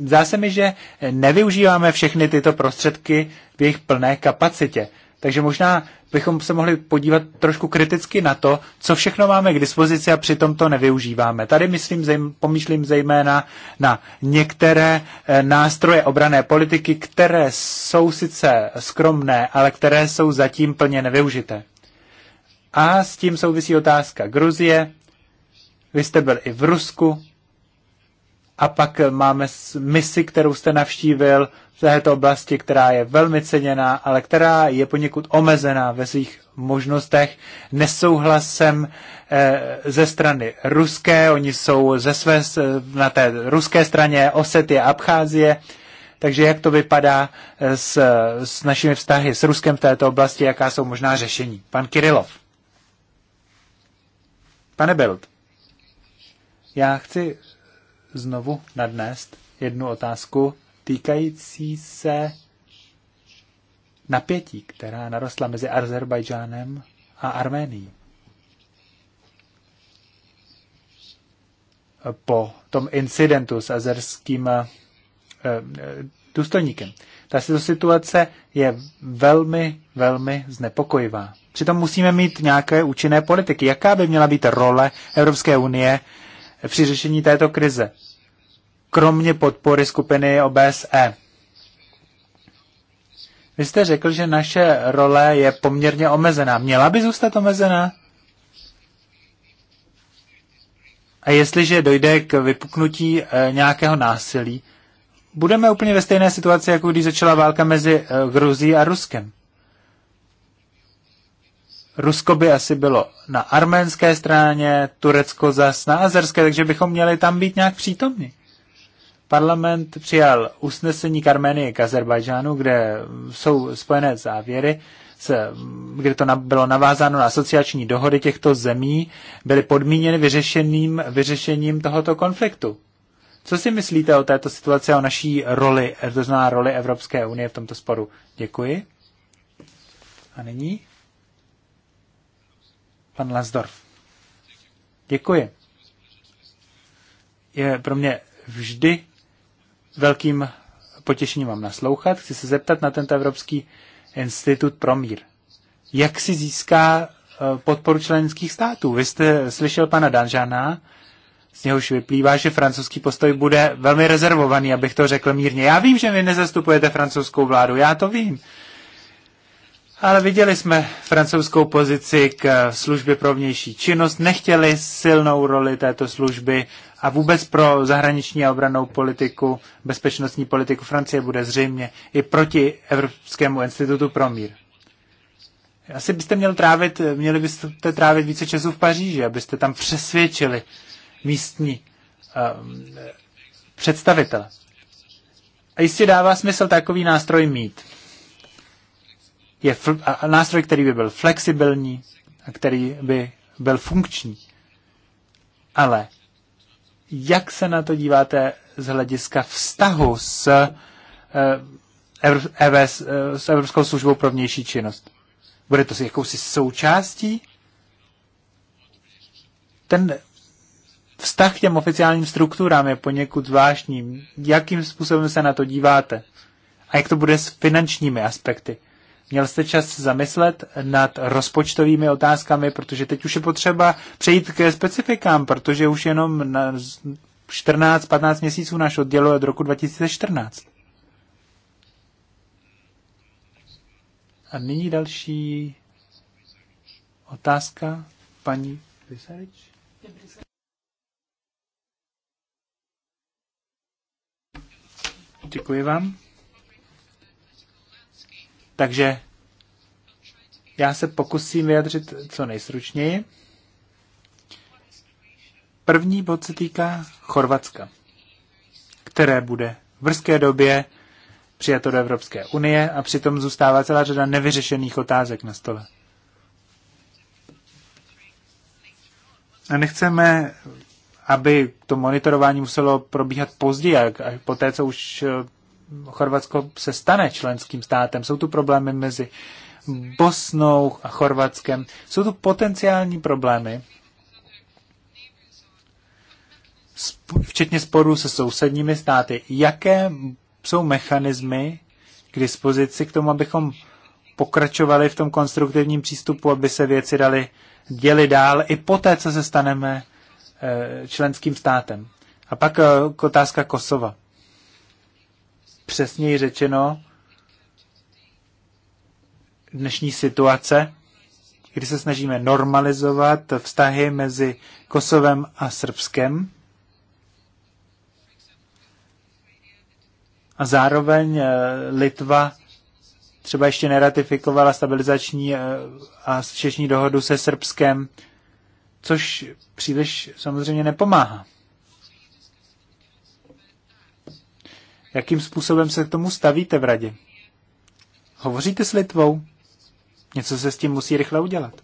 Zdá se mi, že nevyužíváme všechny tyto prostředky v jejich plné kapacitě. Takže možná bychom se mohli podívat trošku kriticky na to, co všechno máme k dispozici a přitom to nevyužíváme. Tady myslím, pomýšlím zejména na některé eh, nástroje obrané politiky, které jsou sice skromné, ale které jsou zatím plně nevyužité. A s tím souvisí otázka Gruzie. Vy jste byl i v Rusku. A pak máme misi, kterou jste navštívil v této oblasti, která je velmi ceněná, ale která je poněkud omezená ve svých možnostech nesouhlasem eh, ze strany ruské. Oni jsou ze své, na té ruské straně Osetie a Abcházie. Takže jak to vypadá eh, s, s našimi vztahy s Ruskem v této oblasti, jaká jsou možná řešení? Pan Kirilov. Pane Belt, já chci znovu nadnést jednu otázku týkající se napětí, která narostla mezi Azerbajdžánem a Arménií. Po tom incidentu s azerským eh, eh, důstojníkem. Ta situace je velmi, velmi znepokojivá. Přitom musíme mít nějaké účinné politiky. Jaká by měla být role Evropské unie při řešení této krize? Kromě podpory skupiny OBSE. Vy jste řekl, že naše role je poměrně omezená. Měla by zůstat omezená? A jestliže dojde k vypuknutí eh, nějakého násilí, budeme úplně ve stejné situaci, jako když začala válka mezi eh, Gruzí a Ruskem. Rusko by asi bylo na arménské straně, Turecko zas na azerské, takže bychom měli tam být nějak přítomni. Parlament přijal usnesení k Arménii k Azerbajžánu, kde jsou spojené závěry, se, kde to na, bylo navázáno na asociační dohody těchto zemí, byly podmíněny vyřešením, vyřešením tohoto konfliktu. Co si myslíte o této situaci a o naší roli, to znamená roli Evropské unie v tomto sporu? Děkuji. A nyní? Pan Lasdorf. Děkuji. Je pro mě vždy velkým potěšením vám naslouchat. Chci se zeptat na tento Evropský institut pro mír. Jak si získá eh, podporu členských států? Vy jste slyšel pana Danžana, z něhož vyplývá, že francouzský postoj bude velmi rezervovaný, abych to řekl mírně. Já vím, že vy nezastupujete francouzskou vládu, já to vím. Ale viděli jsme francouzskou pozici k službě pro vnější činnost, nechtěli silnou roli této služby a vůbec pro zahraniční a obranou politiku, bezpečnostní politiku Francie bude zřejmě i proti Evropskému institutu pro mír. Asi byste měl trávit, měli byste trávit více času v Paříži, abyste tam přesvědčili místní um, představitele. A jistě dává smysl takový nástroj mít je nástroj, který by byl flexibilní a který by byl funkční. Ale jak se na to díváte z hlediska vztahu s, eh, EVS, eh, s Evropskou službou pro vnější činnost? Bude to s jakousi součástí? Ten vztah k těm oficiálním strukturám je poněkud zvláštní. Jakým způsobem se na to díváte? A jak to bude s finančními aspekty? Měl jste čas zamyslet nad rozpočtovými otázkami, protože teď už je potřeba přejít ke specifikám, protože už jenom 14-15 měsíců náš oddělu od roku 2014. A nyní další otázka paní Vysarič. Děkuji vám. Takže já se pokusím vyjadřit co nejstručněji. První bod se týká Chorvatska, které bude v brzké době přijato do Evropské unie a přitom zůstává celá řada nevyřešených otázek na stole. A nechceme, aby to monitorování muselo probíhat později, po poté, co už Chorvatsko se stane členským státem. Jsou tu problémy mezi Bosnou a Chorvatskem. Jsou tu potenciální problémy, včetně sporů se sousedními státy. Jaké jsou mechanismy k dispozici k tomu, abychom pokračovali v tom konstruktivním přístupu, aby se věci dali děli dál i poté, co se staneme eh, členským státem. A pak eh, otázka Kosova přesněji řečeno dnešní situace, kdy se snažíme normalizovat vztahy mezi Kosovem a Srbskem. A zároveň eh, Litva třeba ještě neratifikovala stabilizační eh, a střešní dohodu se Srbskem, což příliš samozřejmě nepomáhá. Jakým způsobem se k tomu stavíte v radě? Hovoříte s Litvou? Něco se s tím musí rychle udělat.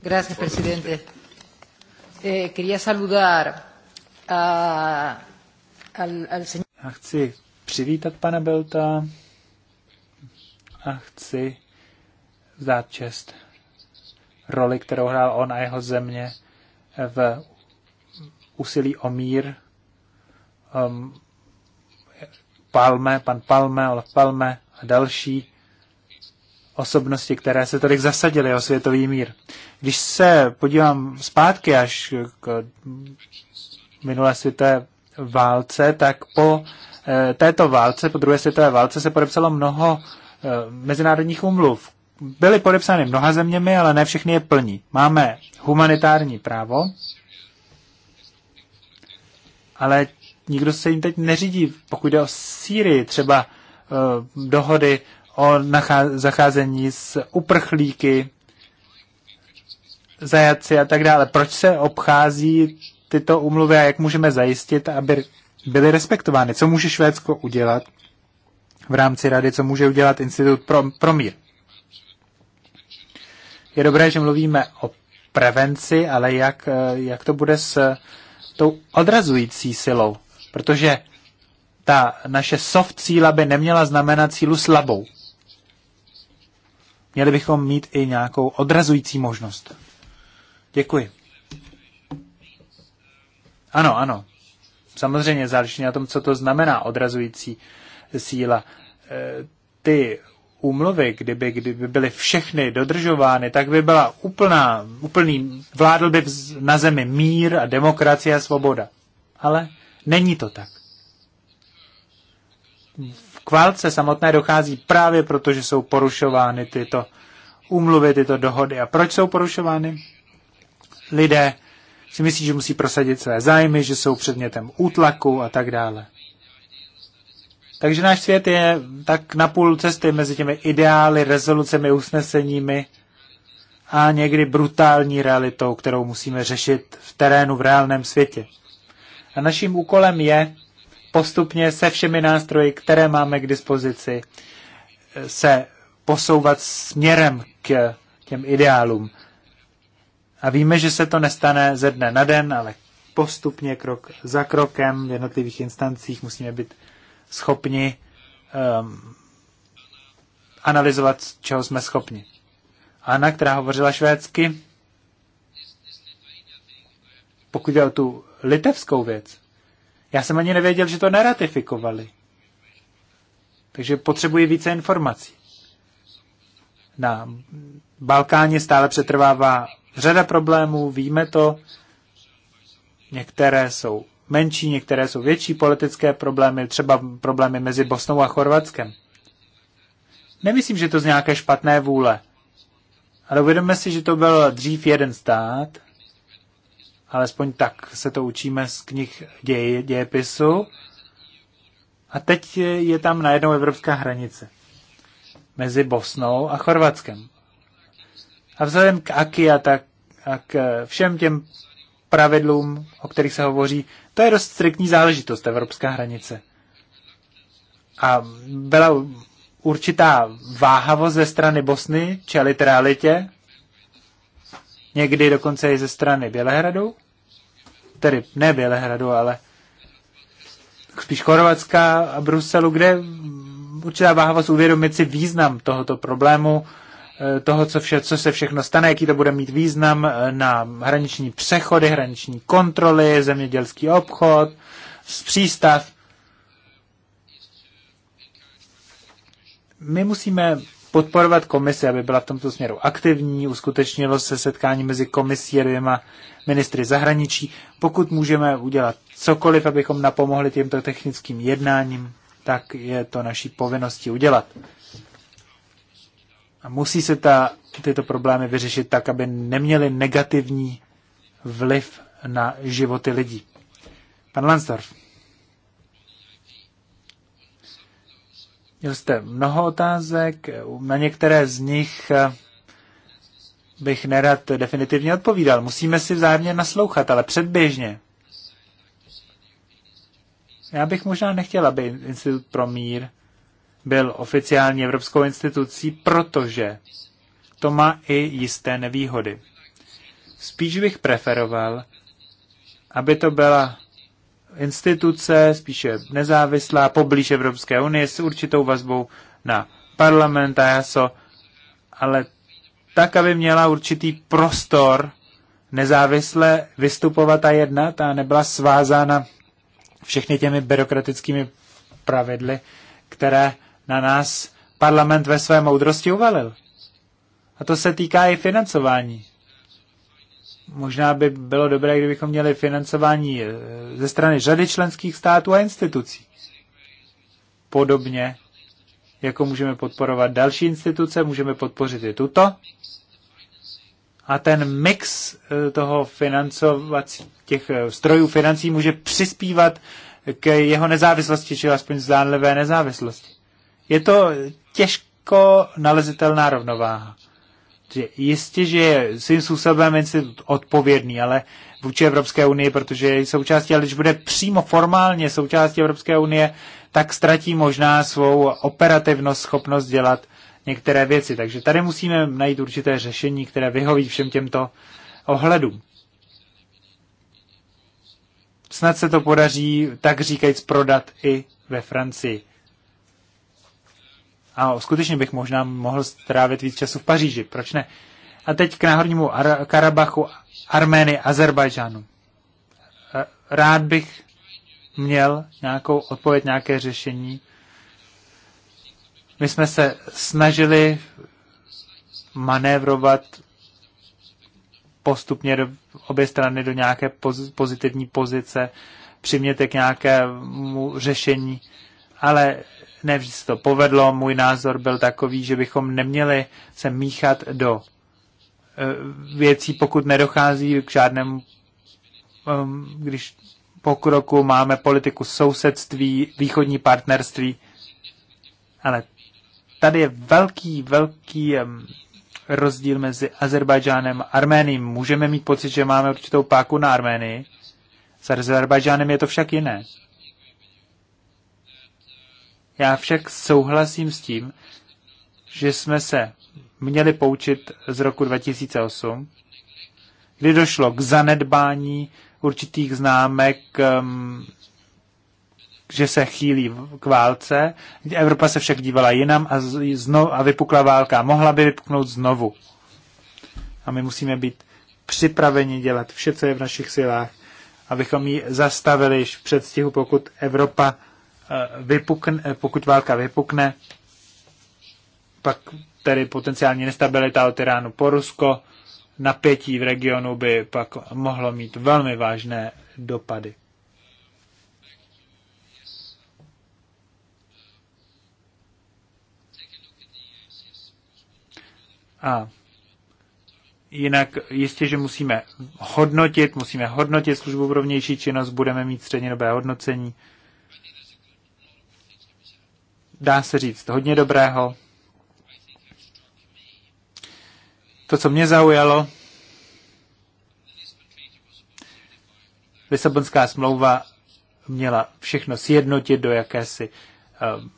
Gracias, presidente. Eh, quería saludar a, al, al señor... Já chci přivítat pana Belta a chci vzdát čest roli, kterou hrál on a jeho země v úsilí o mír um, Palme, pan Palme, Olaf Palme a další osobnosti, které se tolik zasadily o světový mír. Když se podívám zpátky až k minulé světové válce, tak po eh, této válce, po druhé světové válce, se podepsalo mnoho eh, mezinárodních umluv. Byly podepsány mnoha zeměmi, ale ne všechny je plní. Máme humanitární právo, ale nikdo se jim teď neřídí. Pokud jde o Sýrii, třeba uh, dohody o zacházení s uprchlíky, zajatci a tak dále. Proč se obchází tyto umluvy a jak můžeme zajistit, aby byly respektovány? Co může Švédsko udělat v rámci rady, co může udělat Institut pro, pro mír? Je dobré, že mluvíme o prevenci, ale jak, eh, jak to bude s tou odrazující silou? Protože ta naše soft síla by neměla znamenat sílu slabou. Měli bychom mít i nějakou odrazující možnost. Děkuji. Ano, ano. Samozřejmě záleží na tom, co to znamená odrazující síla. E, ty úmluvy, kdyby, kdyby byly všechny dodržovány, tak by byla úplná, úplný, vládl by na zemi mír a demokracie a svoboda. Ale Není to tak. V kválce samotné dochází právě proto, že jsou porušovány tyto úmluvy, tyto dohody. A proč jsou porušovány? Lidé si myslí, že musí prosadit své zájmy, že jsou předmětem útlaku a tak dále. Takže náš svět je tak na půl cesty mezi těmi ideály, rezolucemi, usneseními a někdy brutální realitou, kterou musíme řešit v terénu, v reálném světě. A naším úkolem je postupně se všemi nástroji, které máme k dispozici, se posouvat směrem k těm ideálům. A víme, že se to nestane ze dne na den, ale postupně, krok za krokem v jednotlivých instancích musíme být schopni um, analyzovat, čeho jsme schopni. Anna, která hovořila švédsky, pokud je o tu litevskou věc. Já jsem ani nevěděl, že to neratifikovali. Takže potřebuji více informací. Na Balkáně stále přetrvává řada problémů, víme to. Některé jsou menší, některé jsou větší politické problémy, třeba problémy mezi Bosnou a Chorvatskem. Nemyslím, že to z nějaké špatné vůle, ale uvědomme si, že to byl dřív jeden stát alespoň tak se to učíme z knih děje, dějepisu. A teď je tam najednou evropská hranice mezi Bosnou a Chorvatskem. A vzhledem k AKI a, tak, a k všem těm pravidlům, o kterých se hovoří, to je dost striktní záležitost, evropská hranice. A byla určitá váhavost ze strany Bosny čelit realitě, někdy dokonce i ze strany Bělehradu tedy ne Bělehradu, ale spíš Chorvatska a Bruselu, kde určitá vás uvědomit si význam tohoto problému, eh, toho, co, vše, co se všechno stane, jaký to bude mít význam eh, na hraniční přechody, hraniční kontroly, zemědělský obchod, přístav. My musíme podporovat komisi, aby byla v tomto směru aktivní. Uskutečnilo se setkání mezi komisí a dvěma ministry zahraničí. Pokud můžeme udělat cokoliv, abychom napomohli těmto technickým jednáním, tak je to naší povinnosti udělat. A musí se ta, tyto problémy vyřešit tak, aby neměly negativní vliv na životy lidí. Pan Lansdorf. Měl jste mnoho otázek, na některé z nich eh, bych nerad definitivně odpovídal. Musíme si vzájemně naslouchat, ale předběžně. Já bych možná nechtěl, aby Institut pro mír byl oficiální evropskou institucí, protože to má i jisté nevýhody. Spíš bych preferoval, aby to byla instituce, spíše nezávislá, poblíž Evropské unie s určitou vazbou na parlament a JASO, ale tak, aby měla určitý prostor nezávisle vystupovat a jednat a nebyla svázána všechny těmi byrokratickými pravidly, které na nás parlament ve své moudrosti uvalil. A to se týká i financování. Možná by bylo dobré, kdybychom měli financování eh, ze strany řady členských států a institucí. Podobně, jako můžeme podporovat další instituce, můžeme podpořit i tuto. A ten mix eh, toho financovací, těch eh, strojů financí může přispívat k jeho nezávislosti, či aspoň zdánlivé nezávislosti. Je to těžko nalezitelná rovnováha že jistě, že je svým způsobem institut odpovědný, ale vůči Evropské unii, protože je součástí, ale když bude přímo formálně součástí Evropské unie, tak ztratí možná svou operativnost, schopnost dělat některé věci. Takže tady musíme najít určité řešení, které vyhoví všem těmto ohledům. Snad se to podaří, tak říkajíc, prodat i ve Francii. A skutečně bych možná mohl strávit víc času v Paříži, proč ne? A teď k náhornímu Ar- Karabachu, Armény, Azerbajdžánu. E, rád bych měl nějakou odpověď, nějaké řešení. My jsme se snažili manévrovat postupně do obě strany do nějaké poz, pozitivní pozice, přimět k nějakému řešení, ale nevždy se to povedlo. Můj názor byl takový, že bychom neměli se míchat do eh, věcí, pokud nedochází k žádnému, ehm, když pokroku máme politiku sousedství, východní partnerství, ale tady je velký, velký ehm, rozdíl mezi Azerbajdžánem a Arménií. Můžeme mít pocit, že máme určitou páku na Arménii, s Azerbajdžánem je to však jiné. Já však souhlasím s tím, že jsme se měli poučit z roku 2008, kdy došlo k zanedbání určitých známek, um, že se chýlí k válce. Evropa se však dívala jinam a, znovu, a vypukla válka. Mohla by vypuknout znovu. A my musíme být připraveni dělat vše, co je v našich silách, abychom ji zastavili již v předstihu, pokud Evropa Eh, vypukne, eh, pokud válka vypukne, pak tedy potenciální nestabilita od Iránu po Rusko, napětí v regionu by pak mohlo mít velmi vážné dopady. A jinak jistě, že musíme hodnotit, musíme hodnotit službu pro vnější činnost, budeme mít střednědobé hodnocení dá se říct, hodně dobrého. To, co mě zaujalo, Lisabonská smlouva měla všechno sjednotit do jakési um,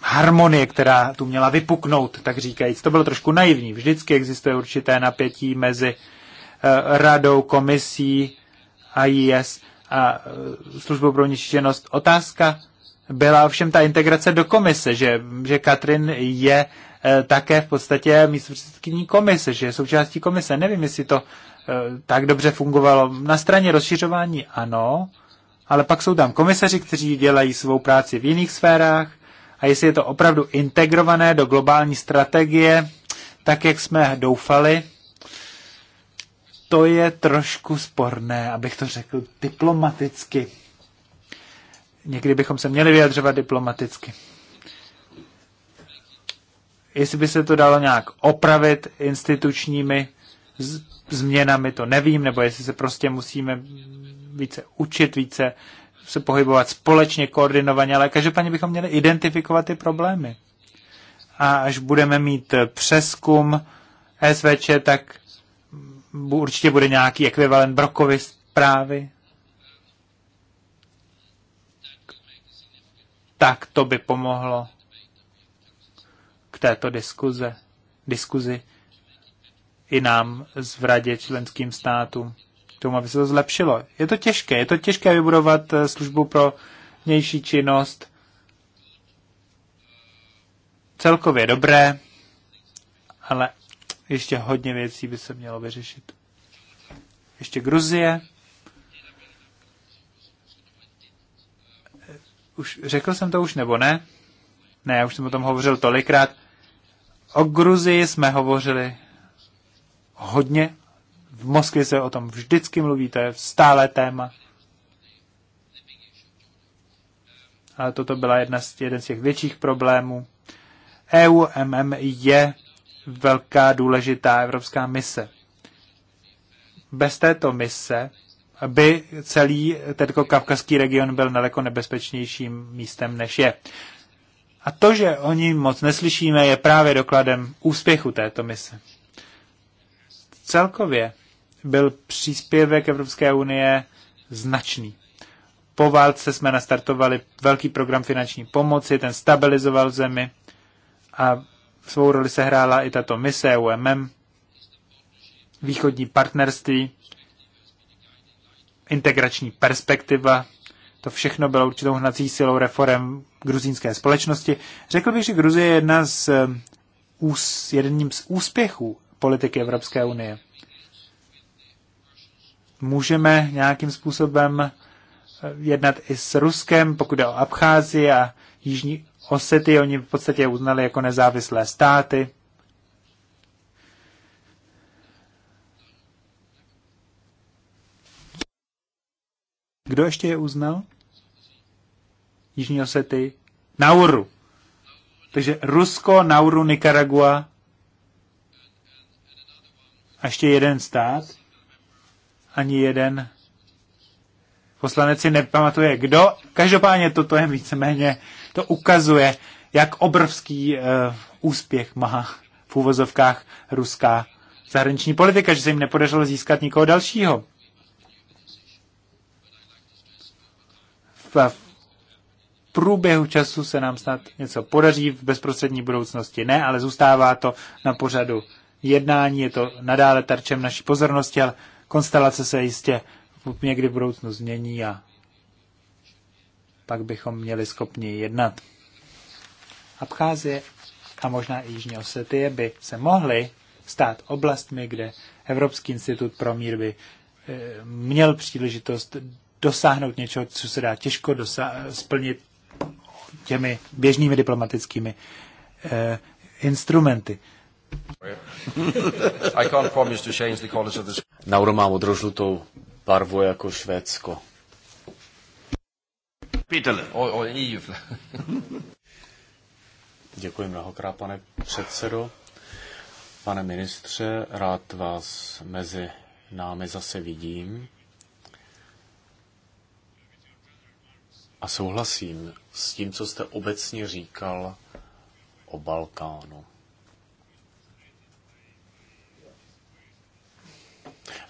harmonie, která tu měla vypuknout, tak říkajíc. To bylo trošku naivní. Vždycky existuje určité napětí mezi uh, radou, komisí, AIS a uh, službou pro Otázka byla ovšem ta integrace do komise, že, že Katrin je eh, také v podstatě místopředsedkyní komise, že je součástí komise. Nevím, jestli to eh, tak dobře fungovalo. Na straně rozšiřování ano, ale pak jsou tam komisaři, kteří dělají svou práci v jiných sférách a jestli je to opravdu integrované do globální strategie, tak jak jsme doufali, to je trošku sporné, abych to řekl diplomaticky. Někdy bychom se měli vyjadřovat diplomaticky. Jestli by se to dalo nějak opravit institučními změnami, to nevím, nebo jestli se prostě musíme více učit, více se pohybovat společně, koordinovaně, ale každopádně bychom měli identifikovat ty problémy. A až budeme mít přeskum SVČ, tak určitě bude nějaký ekvivalent Brokovy zprávy, tak to by pomohlo k této diskuze, diskuzi i nám z radě členským státům, tomu, aby se to zlepšilo. Je to těžké, je to těžké vybudovat eh, službu pro vnější činnost. Celkově dobré, ale ještě hodně věcí by se mělo vyřešit. Ještě Gruzie. už řekl jsem to už nebo ne? Ne, já už jsem o tom hovořil tolikrát. O Gruzii jsme hovořili hodně. V Moskvě se o tom vždycky mluví, to je stále téma. Ale toto byla jedna z, jeden z těch větších problémů. EUMM je velká důležitá evropská mise. Bez této mise by celý tento kavkazský region byl daleko nebezpečnějším místem, než je. A to, že o ní moc neslyšíme, je právě dokladem úspěchu této mise. Celkově byl příspěvek Evropské unie značný. Po válce jsme nastartovali velký program finanční pomoci, ten stabilizoval zemi a svou roli sehrála i tato mise UMM, východní partnerství, integrační perspektiva. To všechno bylo určitou hnací silou reform gruzínské společnosti. Řekl bych, že Gruzie je jedna z, eh, jedním z úspěchů politiky Evropské unie. Můžeme nějakým způsobem eh, jednat i s Ruskem, pokud jde o Abcházi a Jižní Osety, oni v podstatě uznali jako nezávislé státy. Kdo ještě je uznal? Jižní Osety. Nauru. Takže Rusko, Nauru, Nicaragua. A ještě jeden stát. Ani jeden poslanec si nepamatuje, kdo. Každopádně toto je víceméně, to ukazuje, jak obrovský uh, úspěch má v úvozovkách ruská zahraniční politika, že se jim nepodařilo získat nikoho dalšího. v průběhu času se nám snad něco podaří v bezprostřední budoucnosti. Ne, ale zůstává to na pořadu jednání, je to nadále tarčem naší pozornosti, ale konstelace se jistě někdy v budoucnu změní a pak bychom měli schopni jednat. Abcházie a možná i Jižní Osetie by se mohly stát oblastmi, kde Evropský institut pro mír by eh, měl příležitost dosáhnout něčeho, co se dá těžko splnit těmi běžnými diplomatickými eh, instrumenty. Nauro má modrožlutou barvu jako Švédsko. Peter, [laughs] Děkuji mnohokrát, pane předsedo. Pane ministře, rád vás mezi námi zase vidím. A souhlasím s tím, co jste obecně říkal o Balkánu.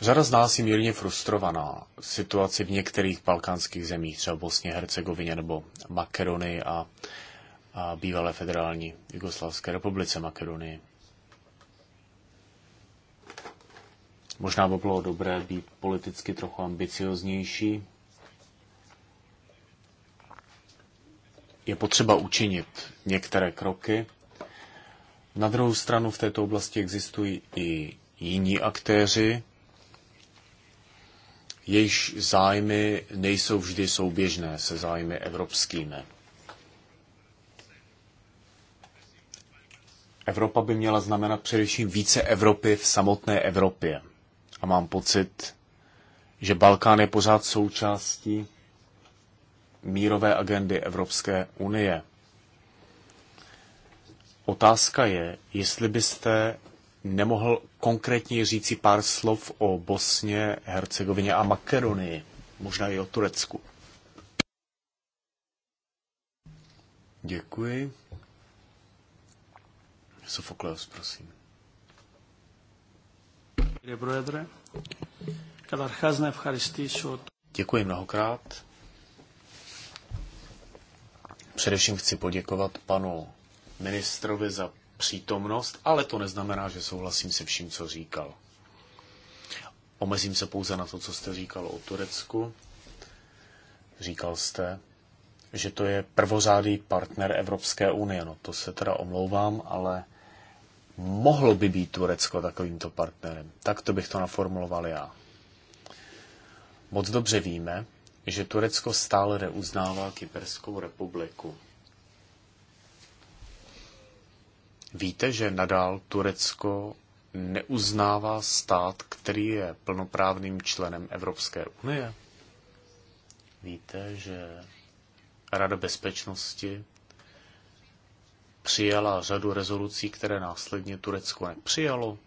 Řada z nás je mírně frustrovaná situaci v některých balkánských zemích, třeba Bosně, Hercegovině nebo Makedonii a, a bývalé federální Jugoslavské republice Makedonii. Možná by bylo dobré být politicky trochu ambicioznější je potřeba učinit některé kroky. Na druhou stranu v této oblasti existují i jiní aktéři, jejichž zájmy nejsou vždy souběžné se zájmy evropskými. Evropa by měla znamenat především více Evropy v samotné Evropě. A mám pocit, že Balkán je pořád součástí mírové agendy Evropské unie. Otázka je, jestli byste nemohl konkrétně říci pár slov o Bosně, Hercegovině a Makedonii, možná i o Turecku. Děkuji. Sofokleos, prosím. Děkuji mnohokrát. Především chci poděkovat panu ministrovi za přítomnost, ale to neznamená, že souhlasím se vším, co říkal. Omezím se pouze na to, co jste říkal o Turecku. Říkal jste, že to je prvořádý partner Evropské unie. No to se teda omlouvám, ale mohlo by být Turecko takovýmto partnerem. Tak to bych to naformuloval já. Moc dobře víme, že Turecko stále neuznává Kyperskou republiku. Víte, že nadál Turecko neuznává stát, který je plnoprávným členem Evropské unie? Víte, že Rada bezpečnosti přijala řadu rezolucí, které následně Turecko nepřijalo?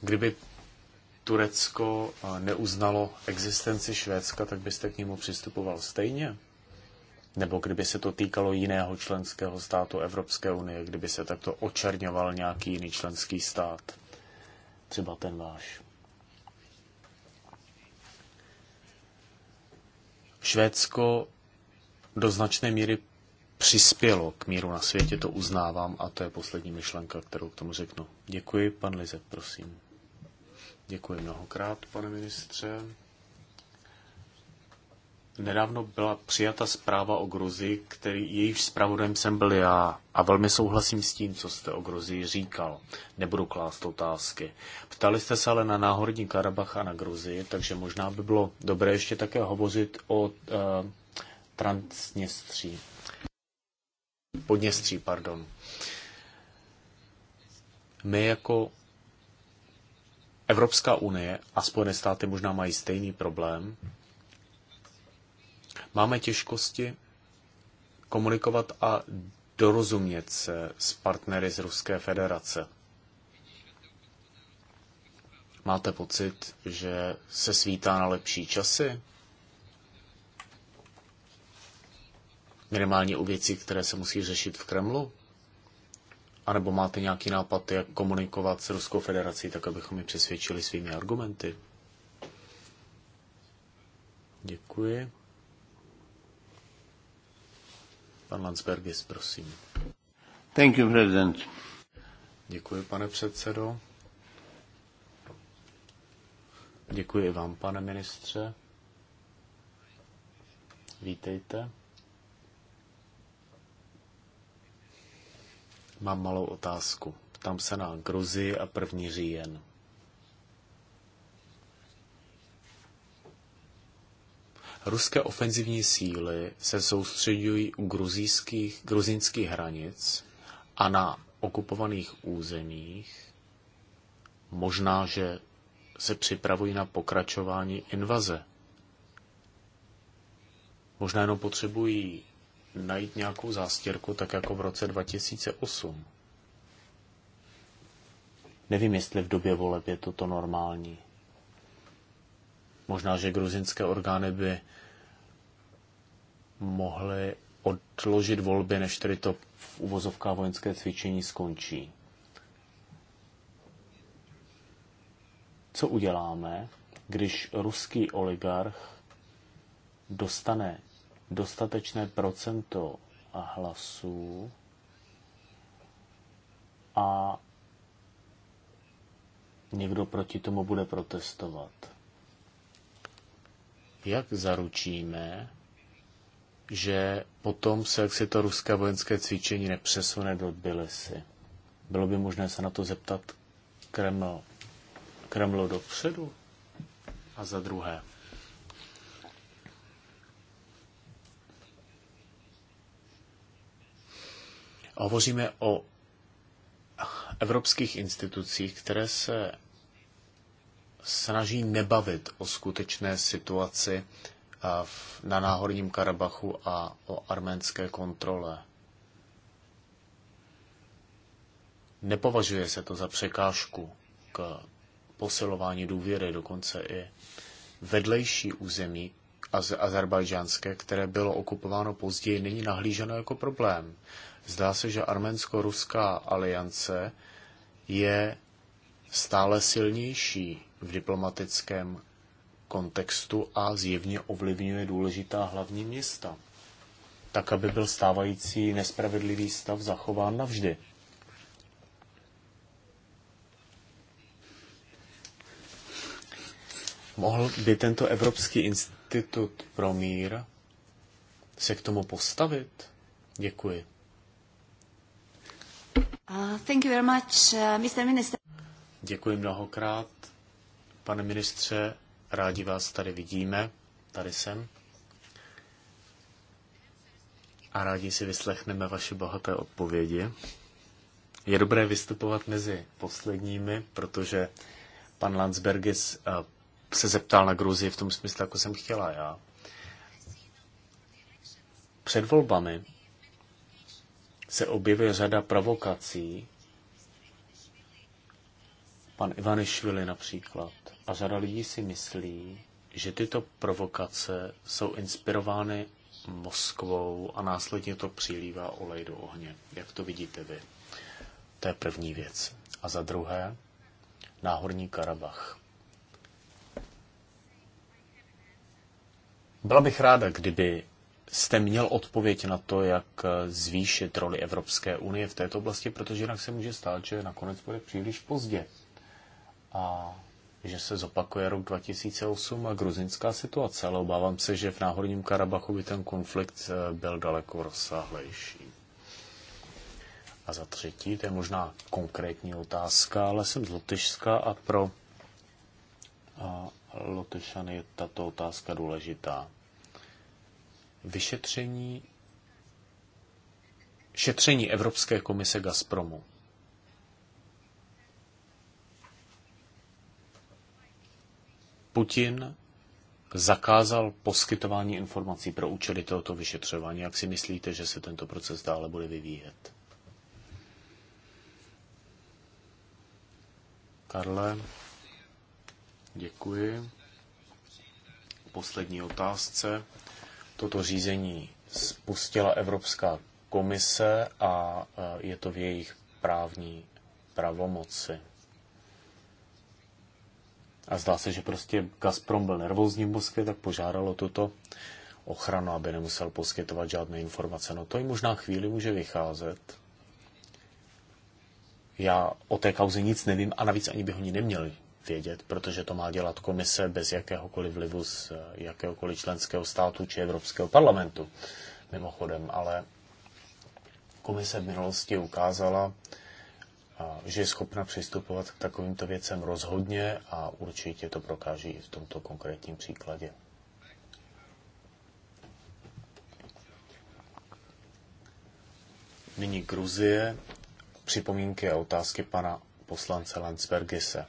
Kdyby Turecko neuznalo existenci Švédska, tak byste k němu přistupoval stejně? Nebo kdyby se to týkalo jiného členského státu Evropské unie, kdyby se takto očerňoval nějaký jiný členský stát, třeba ten váš? Švédsko do značné míry přispělo k míru na světě, to uznávám a to je poslední myšlenka, kterou k tomu řeknu. Děkuji, pan Lize, prosím. Děkuji mnohokrát, pane ministře. Nedávno byla přijata zpráva o gruzi, který jejíž zpravodajem jsem byl já a velmi souhlasím s tím, co jste o gruzi říkal. Nebudu klást otázky. Ptali jste se ale na náhorní Karabach a na gruzi, takže možná by bylo dobré ještě také hovořit o e, eh, Transněstří. Podněstří, pardon. My jako Evropská unie a Spojené státy možná mají stejný problém. Máme těžkosti komunikovat a dorozumět se s partnery z Ruské federace. Máte pocit, že se svítá na lepší časy? Minimálně u věcí, které se musí řešit v Kremlu? anebo máte nějaký nápad, jak komunikovat s Ruskou federací, tak abychom ji přesvědčili svými argumenty? Děkuji. Pan Landsbergis, prosím. Thank you, President. Děkuji, pane předsedo. Děkuji vám, pane ministře. Vítejte. Mám malou otázku. Tam se na Gruzi a první říjen. Ruské ofenzivní síly se soustředují u gruzínských, gruzínských hranic a na okupovaných územích. Možná, že se připravují na pokračování invaze. Možná jenom potřebují najít nějakou zástěrku, tak jako v roce 2008. Nevím, jestli v době voleb je toto normální. Možná, že gruzinské orgány by mohly odložit volby, než tedy to v vojenské cvičení skončí. Co uděláme, když ruský oligarch dostane dostatečné procento hlasů a někdo proti tomu bude protestovat. Jak zaručíme, že potom se jak si to ruské vojenské cvičení nepřesune do Tbilisi? Bylo by možné se na to zeptat Kreml, Kremlu dopředu? A za druhé, Hovoříme o evropských institucích, které se snaží nebavit o skutečné situaci na Náhorním Karabachu a o arménské kontrole. Nepovažuje se to za překážku k posilování důvěry, dokonce i vedlejší území, az azerbajdžánské, které bylo okupováno později, není nahlíženo jako problém. Zdá se, že arménsko-ruská aliance je stále silnější v diplomatickém kontextu a zjevně ovlivňuje důležitá hlavní města, tak aby byl stávající nespravedlivý stav zachován navždy. Mohl by tento evropský Institut pro mír se k tomu postavit? Děkuji. Uh, thank you very much, uh, Mr. Minister. Děkuji mnohokrát. Pane ministře, rádi vás tady vidíme. Tady jsem. A rádi si vyslechneme vaše bohaté odpovědi. Je dobré vystupovat mezi posledními, protože pan Landsbergis eh, se zeptal na Gruzii v tom smyslu, jako jsem chtěla já. Před volbami se objevuje řada provokací. Pan Ivanišvili například. A řada lidí si myslí, že tyto provokace jsou inspirovány Moskvou a následně to přilívá olej do ohně. Jak to vidíte vy? To je první věc. A za druhé, Náhorní Karabach. Byla bych ráda, kdyby jste měl odpověď na to, jak zvýšit roli Evropské unie v této oblasti, protože jinak se může stát, že nakonec bude příliš pozdě. A že se zopakuje rok 2008 a gruzinská situace, ale obávám se, že v Náhorním Karabachu by ten konflikt eh, byl daleko rozsáhlejší. A za třetí, to je možná konkrétní otázka, ale jsem z Lotyšska a pro a Lotyšany je tato otázka důležitá vyšetření šetření Evropské komise Gazpromu. Putin zakázal poskytování informací pro účely tohoto vyšetřování. Jak si myslíte, že se tento proces dále bude vyvíjet? Karle, děkuji. Poslední otázce toto řízení spustila Evropská komise a e, je to v jejich právní pravomoci. A zdá se, že prostě Gazprom byl nervózní v Moskvě, tak požádalo tuto ochranu, aby nemusel poskytovat žádné informace. No to i možná chvíli může vycházet. Já o té kauze nic nevím a navíc ani by ho ní neměli vědět, protože to má dělat komise bez jakéhokoliv vlivu z eh, jakéhokoliv členského státu či Evropského parlamentu. Mimochodem, ale komise v minulosti ukázala, eh, že je schopna přistupovat k takovýmto věcem rozhodně a určitě to prokáží i v tomto konkrétním příkladě. Nyní Gruzie, připomínky a otázky pana poslance Landsbergise.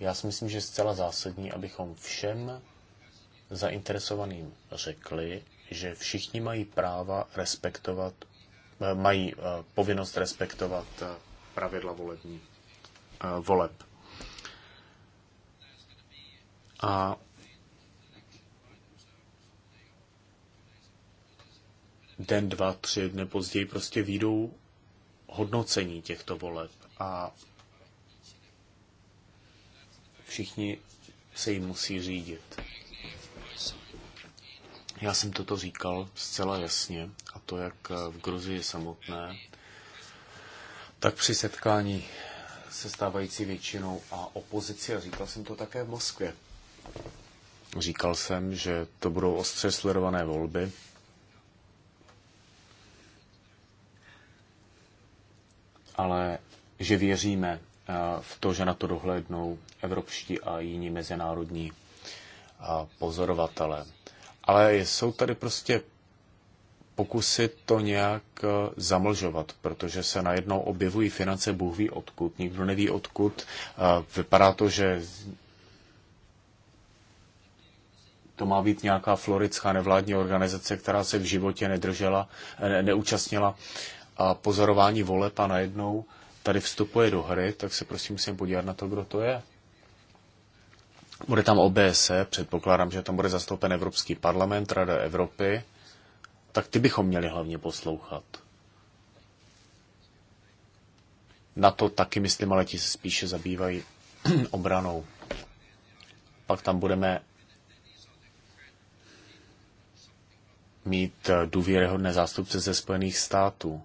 Já si myslím, že je zcela zásadní, abychom všem zainteresovaným řekli, že všichni mají práva respektovat, eh, mají eh, povinnost respektovat eh, pravidla volební, voleb. A den, dva, tři dny později prostě výjdou hodnocení těchto voleb. A všichni se jim musí řídit. Já jsem toto říkal zcela jasně, a to jak v Gruzii samotné, tak při setkání se stávající většinou a opozici, a říkal jsem to také v Moskvě. Říkal jsem, že to budou ostře sledované volby. Ale že věříme v to, že na to dohlédnou evropští a jiní mezinárodní pozorovatelé, Ale jsou tady prostě pokusy to nějak e, zamlžovat, protože se najednou objevují finance, Bůh ví odkud, nikdo neví odkud. E, vypadá to, že to má být nějaká florická nevládní organizace, která se v životě nedržela, neúčastnila a pozorování voleb a najednou tady vstupuje do hry, tak se prostě musím podívat na to, kdo to je. Bude tam OBSE, předpokládám, že tam bude zastoupen Evropský parlament, Rada Evropy, tak ty bychom měli hlavně poslouchat. Na to taky, myslím, ale ti se spíše zabývají [clears throat] obranou. Pak tam budeme mít eh, důvěryhodné zástupce ze Spojených států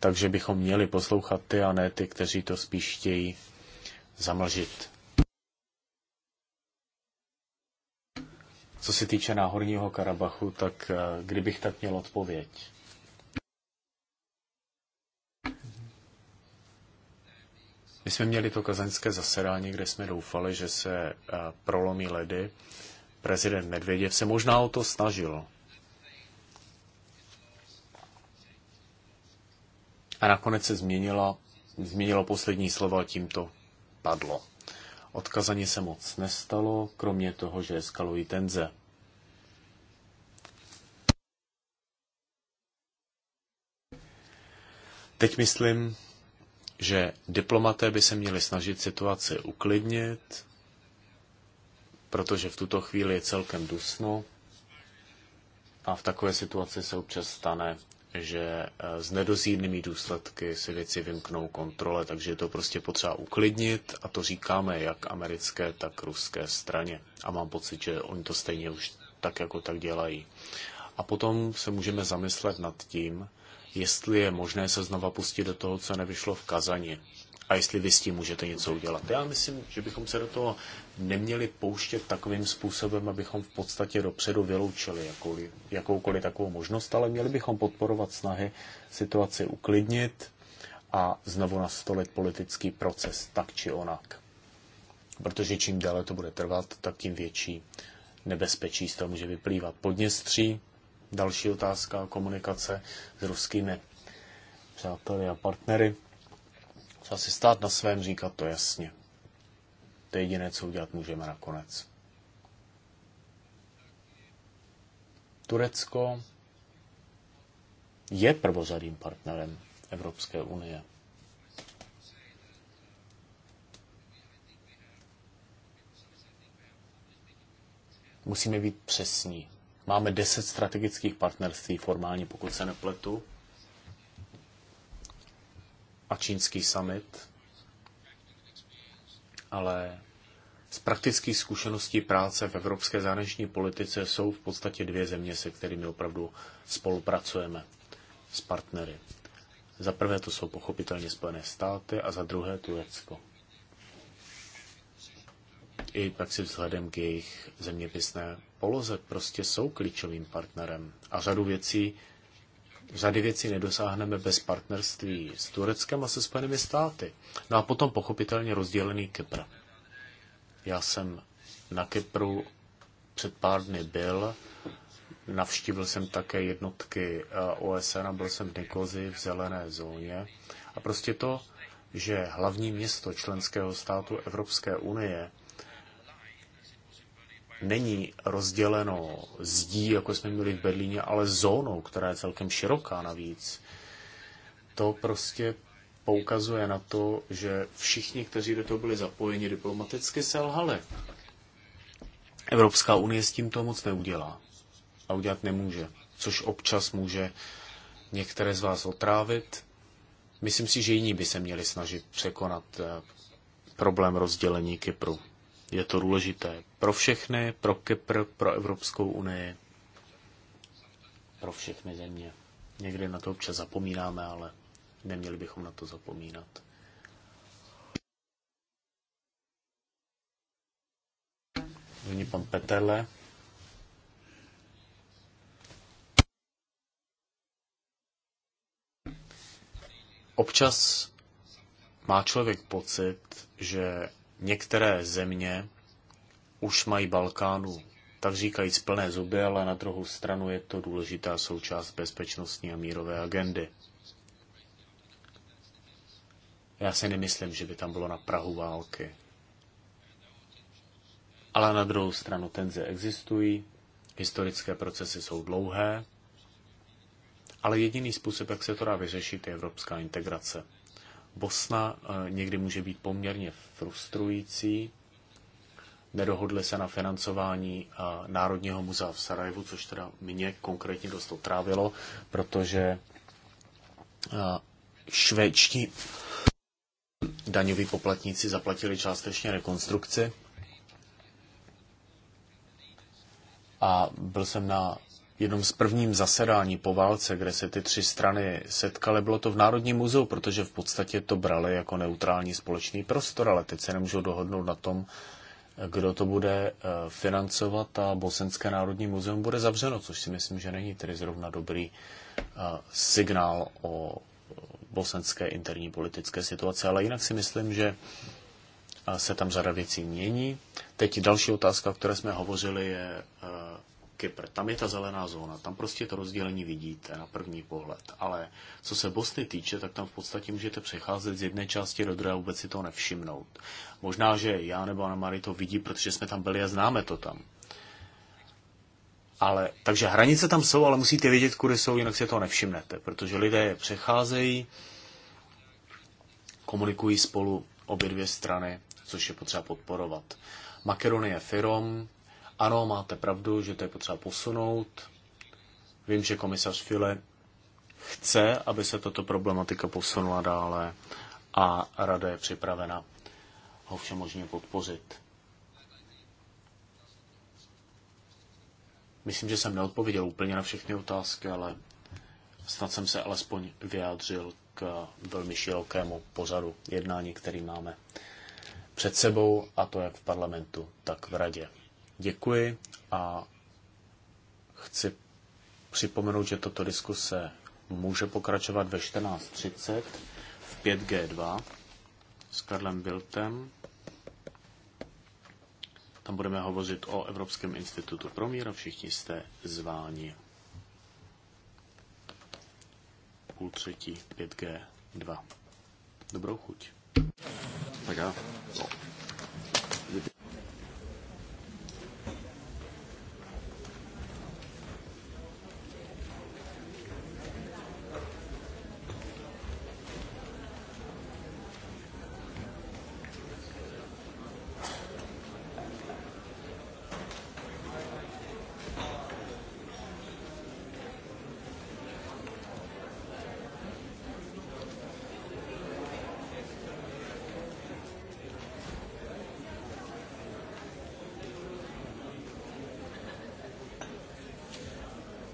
takže bychom měli poslouchat ty a ne ty, kteří to spíš chtějí zamlžit. Co se týče náhorního Karabachu, tak eh, kdybych tak měl odpověď. My jsme měli to kazaňské zasedání, kde jsme doufali, že se eh, prolomí ledy. Prezident Medvěděv se možná o to snažil, A nakonec se změnilo, změnilo poslední slovo a tím to padlo. Odkazaně se moc nestalo, kromě toho, že eskalují tenze. Teď myslím, že diplomaté by se měli snažit situaci uklidnit, protože v tuto chvíli je celkem dusno a v takové situaci se občas stane, že eh, s nedozírnými důsledky se věci vymknou kontrole, takže je to prostě potřeba uklidnit a to říkáme jak americké, tak ruské straně. A mám pocit, že oni to stejně už tak jako tak dělají. A potom se můžeme zamyslet nad tím, jestli je možné se znova pustit do toho, co nevyšlo v Kazani a jestli vy s tím můžete něco udělat. Já myslím, že bychom se do toho neměli pouštět takovým způsobem, abychom v podstatě dopředu vyloučili jakoukoliv, jakoukoliv takovou možnost, ale měli bychom podporovat snahy situaci uklidnit a znovu nastolit politický proces tak či onak. Protože čím déle to bude trvat, tak tím větší nebezpečí z toho může vyplývat. Podněstří, další otázka komunikace s ruskými přáteli a partnery. Třeba si stát na svém, říkat to jasně. To je jediné, co udělat můžeme nakonec. Turecko je prvořadým partnerem Evropské unie. Musíme být přesní. Máme deset strategických partnerství formálně, pokud se nepletu a čínský summit, ale z praktických zkušeností práce v evropské zahraniční politice jsou v podstatě dvě země, se kterými opravdu spolupracujeme s partnery. Za prvé to jsou pochopitelně Spojené státy a za druhé Turecko. I pak si vzhledem k jejich zeměpisné poloze prostě jsou klíčovým partnerem a řadu věcí řady věcí nedosáhneme bez partnerství s Tureckem a se Spojenými státy. No a potom pochopitelně rozdělený Kypr. Já jsem na Kypru před pár dny byl, navštívil jsem také jednotky eh, OSN a byl jsem v Nikozi v zelené zóně. A prostě to, že hlavní město členského státu Evropské unie není rozděleno zdí, jako jsme měli v Berlíně, ale zónou, která je celkem široká navíc, to prostě poukazuje na to, že všichni, kteří do toho byli zapojeni, diplomaticky selhali. Evropská unie s tím to moc neudělá a udělat nemůže, což občas může některé z vás otrávit. Myslím si, že jiní by se měli snažit překonat eh, problém rozdělení Kypru. Je to důležité pro všechny, pro Kypr, pro Evropskou unii, pro všechny země. Někdy na to občas zapomínáme, ale neměli bychom na to zapomínat. Nyní pan Petele. Občas má člověk pocit, že Některé země už mají Balkánu tak říkají plné zuby, ale na druhou stranu je to důležitá součást bezpečnostní a mírové agendy. Já si nemyslím, že by tam bylo na Prahu války. Ale na druhou stranu tenze existují, historické procesy jsou dlouhé, ale jediný způsob, jak se to dá vyřešit, je evropská integrace. Bosna eh, někdy může být poměrně frustrující. Nedohodli se na financování eh, Národního muzea v Sarajevu, což teda mě konkrétně dost otrávilo, protože eh, švédští daňoví poplatníci zaplatili částečně rekonstrukci a byl jsem na jednom z prvním zasedání po válce, kde se ty tři strany setkaly, bylo to v Národním muzeu, protože v podstatě to brali jako neutrální společný prostor, ale teď se nemůžou dohodnout na tom, kdo to bude eh, financovat a Bosenské národní muzeum bude zavřeno, což si myslím, že není tedy zrovna dobrý eh, signál o bosenské interní politické situaci, ale jinak si myslím, že eh, se tam řada věcí mění. Teď další otázka, o které jsme hovořili, je Kypr. Tam je ta zelená zóna, tam prostě to rozdělení vidíte na první pohled. Ale co se Bosny týče, tak tam v podstatě můžete přecházet z jedné části do druhé a vůbec si to nevšimnout. Možná, že já nebo Anna Marie to vidí, protože jsme tam byli a známe to tam. Ale, takže hranice tam jsou, ale musíte vědět, kudy jsou, jinak si to nevšimnete, protože lidé je přecházejí, komunikují spolu obě dvě strany, což je potřeba podporovat. Makedonie Firom, ano, máte pravdu, že to je potřeba posunout. Vím, že komisař File chce, aby se tato problematika posunula dále a rada je připravena ho možně podpořit. Myslím, že jsem neodpověděl úplně na všechny otázky, ale snad jsem se alespoň vyjádřil k velmi širokému pořadu jednání, který máme před sebou, a to jak v parlamentu, tak v radě. Děkuji a chci připomenout, že tato diskuse může pokračovat ve 14.30 v 5G2 s Karlem Biltem. Tam budeme hovořit o Evropském institutu pro mír a všichni jste zváni. Půl třetí 5G2. Dobrou chuť. Tak já.